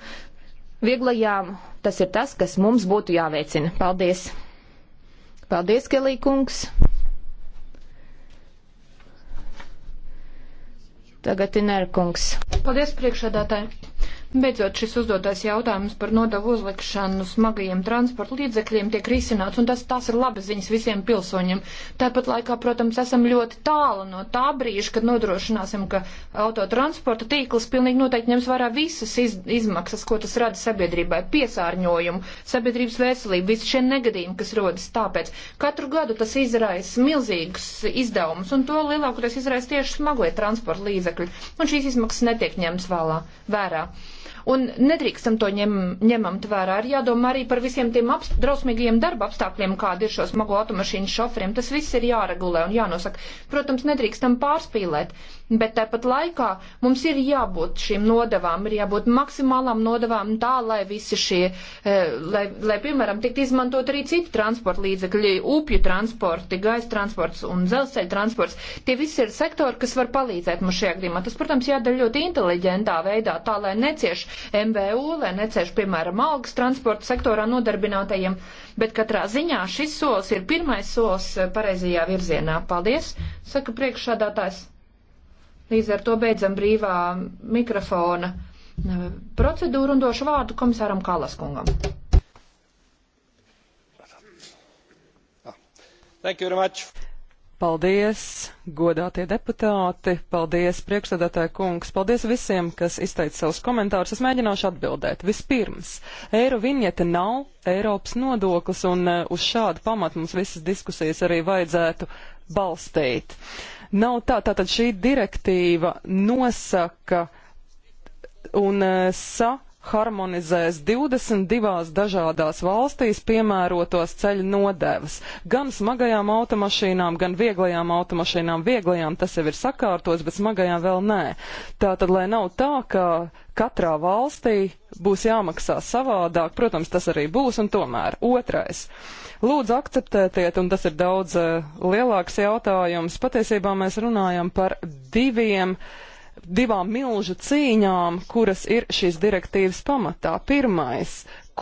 Vieglajām tas ir tas, kas mums būtu jāveicina. Paldies! Paldies, Kelī kungs! Tagad Inerkungs. Paldies priekšādātāji. Beidzot, šis uzdotais jautājums par nodevu uzlikšanu smagajiem transporta līdzekļiem tiek risināts, un tas, tas ir labas ziņas visiem pilsoņiem. Tāpat laikā, protams, esam ļoti tālu no tā brīža, kad nodrošināsim, ka autotransporta tīkls pilnīgi noteikti ņems vērā visas iz, izmaksas, ko tas rada sabiedrībai - piesārņojumu, sabiedrības veselību, visi šie negadījumi, kas rodas tāpēc. Katru gadu tas izraisa milzīgus izdevumus, un to lielākoties izraisa tieši smagie transporta līdzekļi, un šīs izmaksas netiek ņemts vēlā, vērā. Un nedrīkstam to ņem, ņemamt vērā. Ir jādomā arī par visiem tiem apst, drausmīgajiem darba apstākļiem, kādi ir šo smago automašīnu šoferiem. Tas viss ir jāregulē un jānosaka. Protams, nedrīkstam pārspīlēt, bet tāpat laikā mums ir jābūt šīm nodavām, ir jābūt maksimālām nodavām tā, lai visi šie, eh, lai, lai piemēram, tikt izmantot arī citi transporta līdzekļi, upju transporti, gaisa transports un dzelzceļa transports. Tie visi ir sektori, kas var palīdzēt mums šajā gadījumā. Tas, protams, jādara ļoti inteliģentā veidā, tā, lai necieš MVU, lai necēš, piemēram, algas transporta sektorā nodarbinātajiem, bet katrā ziņā šis solis ir pirmais solis eh, pareizajā virzienā. Paldies, saka priekšsādātājs. Līdz ar to beidzam brīvā mikrofona eh, procedūru un došu vārdu komisāram Kalaskungam. Thank you very much. Paldies, godātie deputāti, paldies, priekšsēdētāja kungs, paldies visiem, kas izteica savus komentārus. Es mēģināšu atbildēt. Vispirms, eiro viņete nav Eiropas nodoklis, un eh, uz šādu pamatu mums visas diskusijas arī vajadzētu balstīt. Nav tā, tātad šī direktīva nosaka un uh, sa harmonizēs 22 dažādās valstīs piemērotos ceļu nodevas. Gan smagajām automašīnām, gan vieglajām automašīnām. Vieglajām tas jau ir sakārtots, bet smagajām vēl nē. Tātad, lai nav tā, ka katrā valstī būs jāmaksā savādāk, protams, tas arī būs, un tomēr otrais. Lūdzu, akceptētiet, un tas ir daudz uh, lielāks jautājums. Patiesībā mēs runājam par diviem uh, divām milzu cīņām, kuras ir šīs direktīvas pamatā. Pirmais,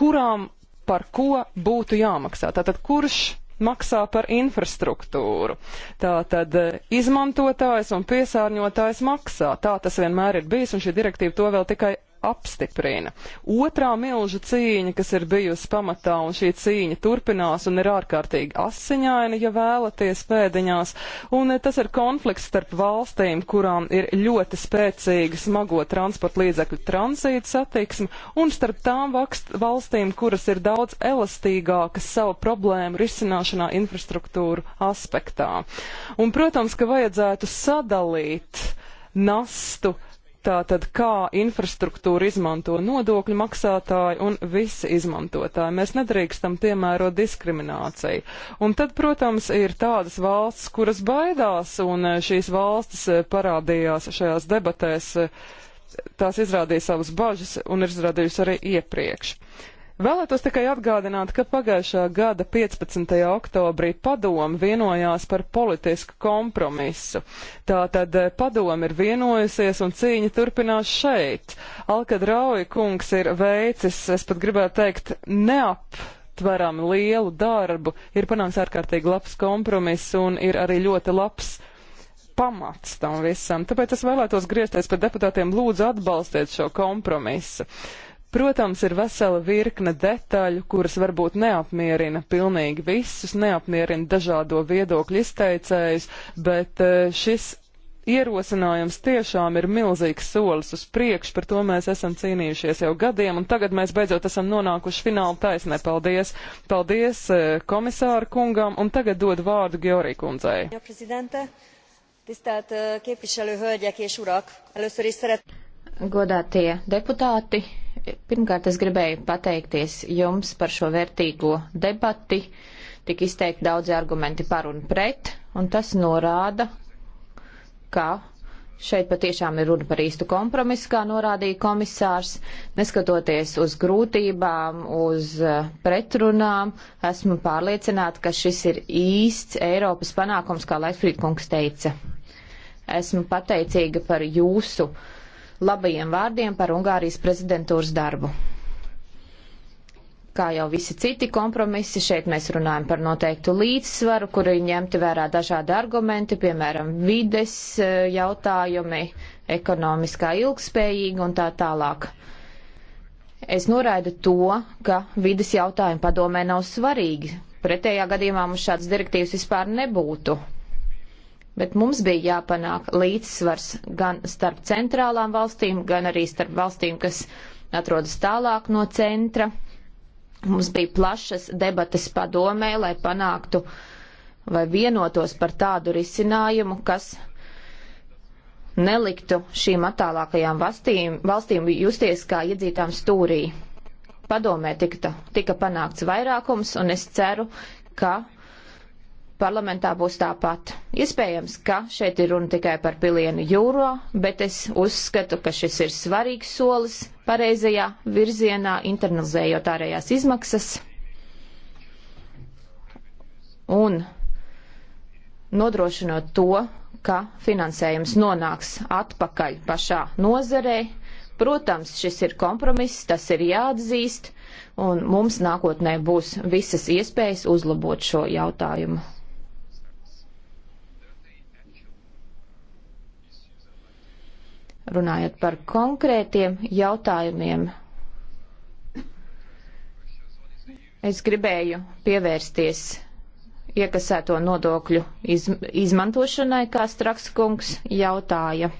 kurām par ko būtu jāmaksā? Tātad, kurš maksā par infrastruktūru. Tātad izmantotājs un piesārņotājs maksā. Tā tas vienmēr ir bijis, un šī direktīva to vēl tikai apstiprina. Otrā milža cīņa, kas ir bijusi pamatā, un šī cīņa turpinās un ir ārkārtīgi asiņaina, ja vēlaties pēdiņās, un tas ir konflikts starp valstīm, kurām ir ļoti spēcīga smago transporta līdzekļu tranzīta satiksme, un starp tām valstīm, kuras ir daudz elastīgākas savu problēmu risināšanā infrastruktūru aspektā. Un, protams, ka vajadzētu sadalīt nastu Tātad, kā infrastruktūru izmanto nodokļu maksātāji un visi izmantotāji. Mēs nedrīkstam piemērot diskrimināciju. Un tad, protams, ir tādas valstis, kuras baidās, un eh, šīs valstis eh, parādījās šajās debatēs, eh, tās izrādīja savas bažas un ir izrādījusi arī iepriekš. Vēlētos tikai atgādināt, ka pagājušā gada 15. oktobrī padomu vienojās par politisku kompromisu. Tātad eh, padomu ir vienojusies un cīņa turpinās šeit. Alkad Rauja kungs ir veicis, es pat gribētu teikt, neap aptveram lielu darbu, ir panāks ārkārtīgi labs kompromiss un ir arī ļoti labs pamats tam visam. Tāpēc es vēlētos griezties pie deputātiem, lūdzu atbalstiet šo kompromisu. Protams, ir vesela virkne detaļu, kuras varbūt neapmierina pilnīgi visus, neapmierina dažādo viedokļu izteicējus, bet eh, šis ierosinājums tiešām ir milzīgs solis uz priekšu, par to mēs esam cīnījušies jau gadiem, un tagad mēs beidzot esam nonākuši fināla taisnē. Paldies, paldies eh, komisāra kungam, un tagad dod vārdu Georgi kundzei. Tisztelt eh, képviselő hölgyek és urak! Először is szeret... Godātie deputāti, Pirmkārt, es gribēju pateikties jums par šo vērtīgo debati. Tik izteikti daudzi argumenti par un pret, un tas norāda, ka šeit patiešām ir runa par īstu kompromisu, kā norādīja komisārs. Neskatoties uz grūtībām, uz eh, pretrunām, esmu pārliecināta, ka šis ir īsts Eiropas panākums, kā Leitfrīd kungs teica. Esmu pateicīga par jūsu uh, labajiem vārdiem par Ungārijas prezidentūras darbu. Kā jau visi citi kompromisi, šeit mēs runājam par noteiktu līdzsvaru, kur ir ņemti vērā dažādi argumenti, piemēram, vides e, jautājumi, ekonomiskā ilgspējīga un tā tālāk. Es noraidu to, ka vides jautājumi padomē nav svarīgi. Pretējā gadījumā mums šāds direktīvs vispār nebūtu bet mums bija jāpanāk līdzsvars gan starp centrālām valstīm, gan arī starp valstīm, kas atrodas tālāk no centra. Mums bija plašas debates padomē, lai panāktu vai vienotos par tādu risinājumu, kas neliktu šīm attālākajām valstīm, valstīm justies kā iedzītām stūrī. Padomē tika, tika panākts vairākums, un es ceru, ka parlamentā būs tāpat. Iespējams, ka šeit ir runa tikai par pilienu jūro, bet es uzskatu, ka šis ir svarīgs solis pareizajā virzienā, internalizējot ārējās izmaksas un nodrošinot to, ka finansējums nonāks atpakaļ pašā nozarē. Protams, šis ir kompromiss, tas ir jāatzīst, un mums nākotnē būs visas iespējas uzlabot šo jautājumu. runājot par konkrētiem jautājumiem, es gribēju pievērsties iekasēto nodokļu iz, izmantošanai, kā Strakskungs jautāja.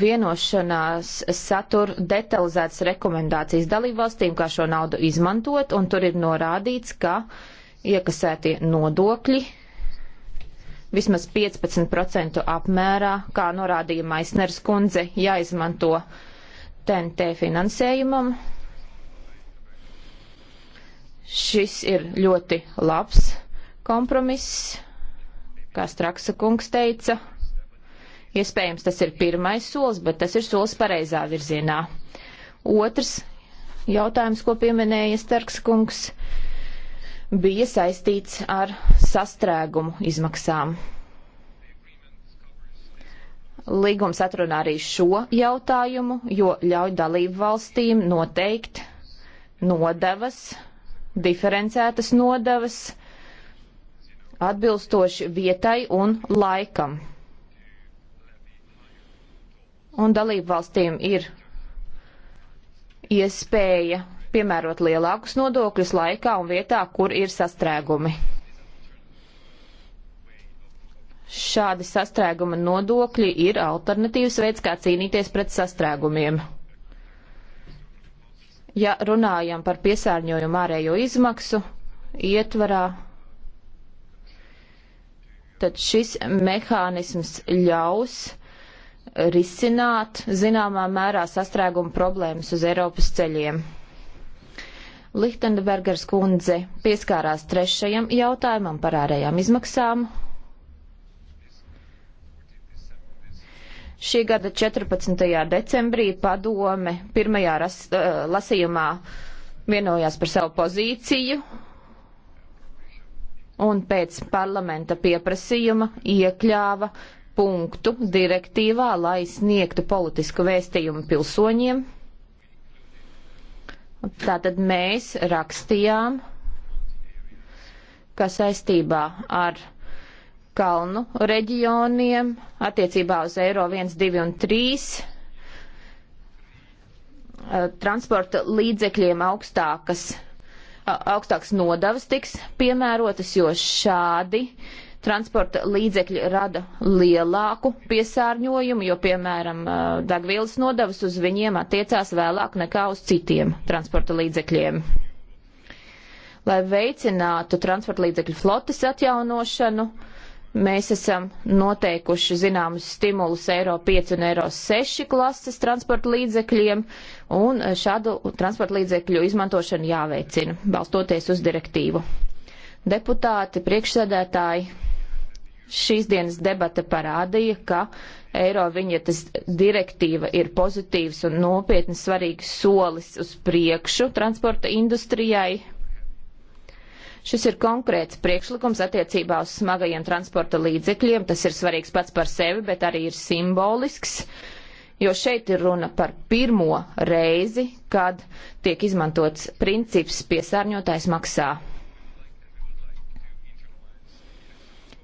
Vienošanās satur detalizētas rekomendācijas dalībvalstīm, kā šo naudu izmantot, un tur ir norādīts, ka iekasētie nodokļi vismaz 15% apmērā, kā norādīja Maisners kundze, jāizmanto TNT finansējumam. Šis ir ļoti labs kompromiss, kā Straksa kungs teica. Iespējams, tas ir pirmais solis, bet tas ir solis pareizā virzienā. Otrs jautājums, ko pieminēja Starks kungs, bija saistīts ar sastrēgumu izmaksām. Līgums atrunā arī šo jautājumu, jo ļauj dalību valstīm noteikt nodevas, diferencētas nodevas, atbilstoši vietai un laikam. Un dalību valstīm ir iespēja piemērot lielākus nodokļus laikā un vietā, kur ir sastrēgumi. Šādi sastrēguma nodokļi ir alternatīvs veids, kā cīnīties pret sastrēgumiem. Ja runājam par piesārņojumu ārējo izmaksu ietvarā, tad šis mehānisms ļaus risināt zināmā mērā sastrēguma problēmas uz Eiropas ceļiem. Lichtenbergers kundze pieskārās trešajam jautājumam par ārējām izmaksām. Šī gada 14. decembrī padome pirmajā ras, eh, lasījumā vienojās par savu pozīciju un pēc parlamenta pieprasījuma iekļāva punktu direktīvā, lai sniegtu politisku vēstījumu pilsoņiem Tātad mēs rakstījām, ka saistībā ar kalnu reģioniem attiecībā uz eiro 1, 2 un 3 eh, transporta līdzekļiem augstākas, augstāks nodavas tiks piemērotas, jo šādi uh, transporta līdzekļi rada lielāku piesārņojumu, jo, piemēram, degvielas nodevas uz viņiem attiecās vēlāk nekā uz citiem transporta līdzekļiem. Lai veicinātu transporta līdzekļu flotes atjaunošanu, mēs esam noteikuši zināmus stimulus Eiro 5 un Eiro 6 klases transporta līdzekļiem, un šādu transporta līdzekļu izmantošanu jāveicina, balstoties uz direktīvu. Deputāti, priekšsēdētāji, šīs dienas debata parādīja, ka eiro viņetes direktīva ir pozitīvs un nopietni svarīgs solis uz priekšu transporta industrijai. Šis ir konkrēts priekšlikums attiecībā uz smagajiem transporta līdzekļiem. Tas ir svarīgs pats par sevi, bet arī ir simbolisks, jo šeit ir runa par pirmo reizi, kad tiek izmantots princips piesārņotājs maksā.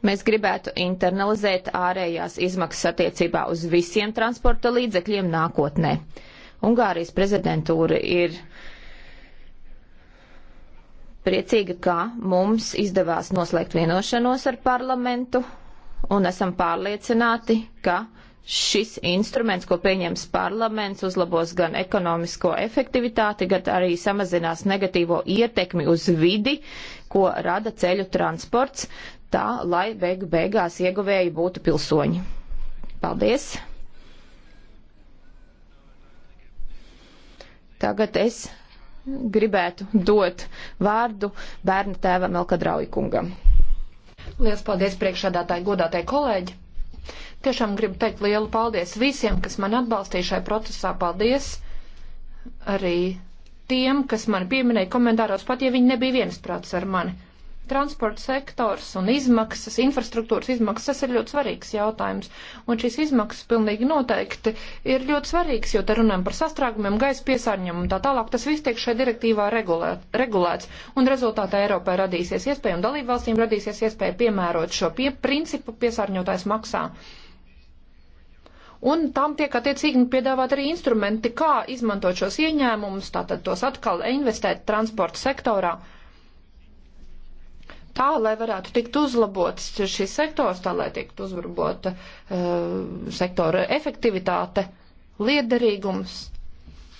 Mēs gribētu internalizēt ārējās izmaksas attiecībā uz visiem transporta līdzekļiem nākotnē. Ungārijas prezidentūra ir priecīga, ka mums izdevās noslēgt vienošanos ar parlamentu un esam pārliecināti, ka šis instruments, ko pieņems parlaments, uzlabos gan ekonomisko efektivitāti, gan arī samazinās negatīvo ietekmi uz vidi, ko rada ceļu transports tā, lai beigu beigās ieguvēji būtu pilsoņi. Paldies! Tagad es gribētu dot vārdu bērnu tēvam Elkadrauju kungam. Lielas paldies priekšādātāji, godātāji kolēģi! Tiešām gribu teikt lielu paldies visiem, kas man atbalstīja šai procesā. Paldies arī tiem, kas man pieminēja komentāros, pat ja viņi nebija viensprāts ar mani transporta sektors un izmaksas, infrastruktūras izmaksas, tas ir ļoti svarīgs jautājums. Un šīs izmaksas pilnīgi noteikti ir ļoti svarīgs, jo te runājam par sastrāgumiem, gaisa piesārņojumu un tā tālāk. Tas viss tiek šajā direktīvā regulē, regulēts. Un rezultātā Eiropā radīsies iespēja un dalībvalstīm radīsies iespēja piemērot šo pie, principu piesārņotājs maksā. Un tam tiek attiecīgi piedāvāt arī instrumenti, kā izmantot šos ieņēmumus, tātad tos atkal investēt transporta sektorā tā, lai varētu tikt uzlabots šis sektors, tā, lai tiktu uzlabota uh, sektora efektivitāte, liederīgums.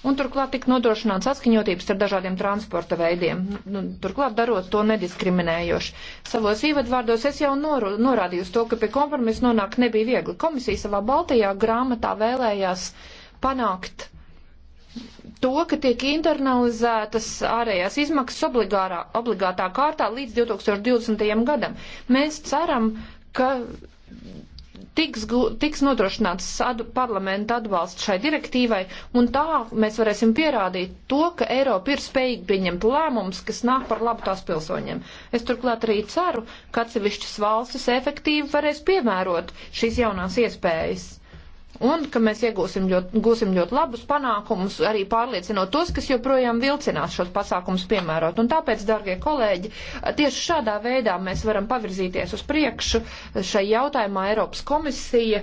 Un turklāt tika nodrošināts atskaņotības ar dažādiem transporta veidiem, nu, turklāt darot to nediskriminējoši. Savos ievadvārdos es jau noru, norādīju uz to, ka pie kompromisa nonākt nebija viegli. Komisija savā Baltijā grāmatā vēlējās panākt to, ka tiek internalizētas ārējās izmaksas obligātā kārtā līdz 2020. gadam. Mēs ceram, ka tiks, tiks nodrošināts adu, parlamenta atbalsts šai direktīvai, un tā mēs varēsim pierādīt to, ka Eiropa ir spējīga pieņemt lēmumus, kas nāk par labu tās pilsoņiem. Es turklāt arī ceru, ka atsevišķas valstis efektīvi varēs piemērot šīs jaunās iespējas un ka mēs iegūsim ļoti, gūsim ļoti labus panākumus, arī pārliecinot tos, kas joprojām vilcinās šos pasākumus piemērot. Un tāpēc, dārgie kolēģi, tieši šādā veidā mēs varam pavirzīties uz priekšu šai jautājumā Eiropas komisija.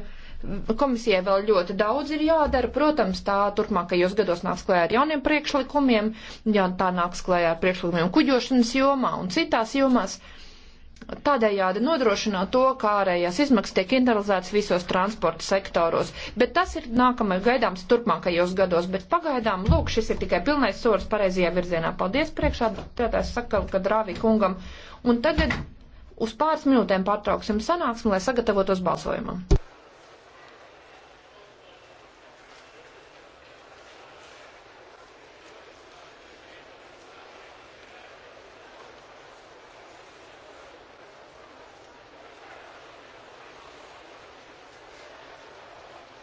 Komisijai vēl ļoti daudz ir jādara, protams, tā turpmākajos gados nāks klājā ar jauniem priekšlikumiem, ja tā nāks klājā ar priekšlikumiem kuģošanas jomā un citās jomās. Uh, tādējādi nodrošināt to, kā ārējās izmaksas tiek internalizētas visos transporta sektoros. Bet tas ir nākamais gaidāms turpmākajos gados, bet pagaidām, lūk, šis ir tikai pilnais solis pareizajā virzienā. Paldies priekšā, tātās saka, ka drāvī kungam. Un tagad uz pāris minūtēm pārtrauksim sanāksmi, lai sagatavotos balsojumam.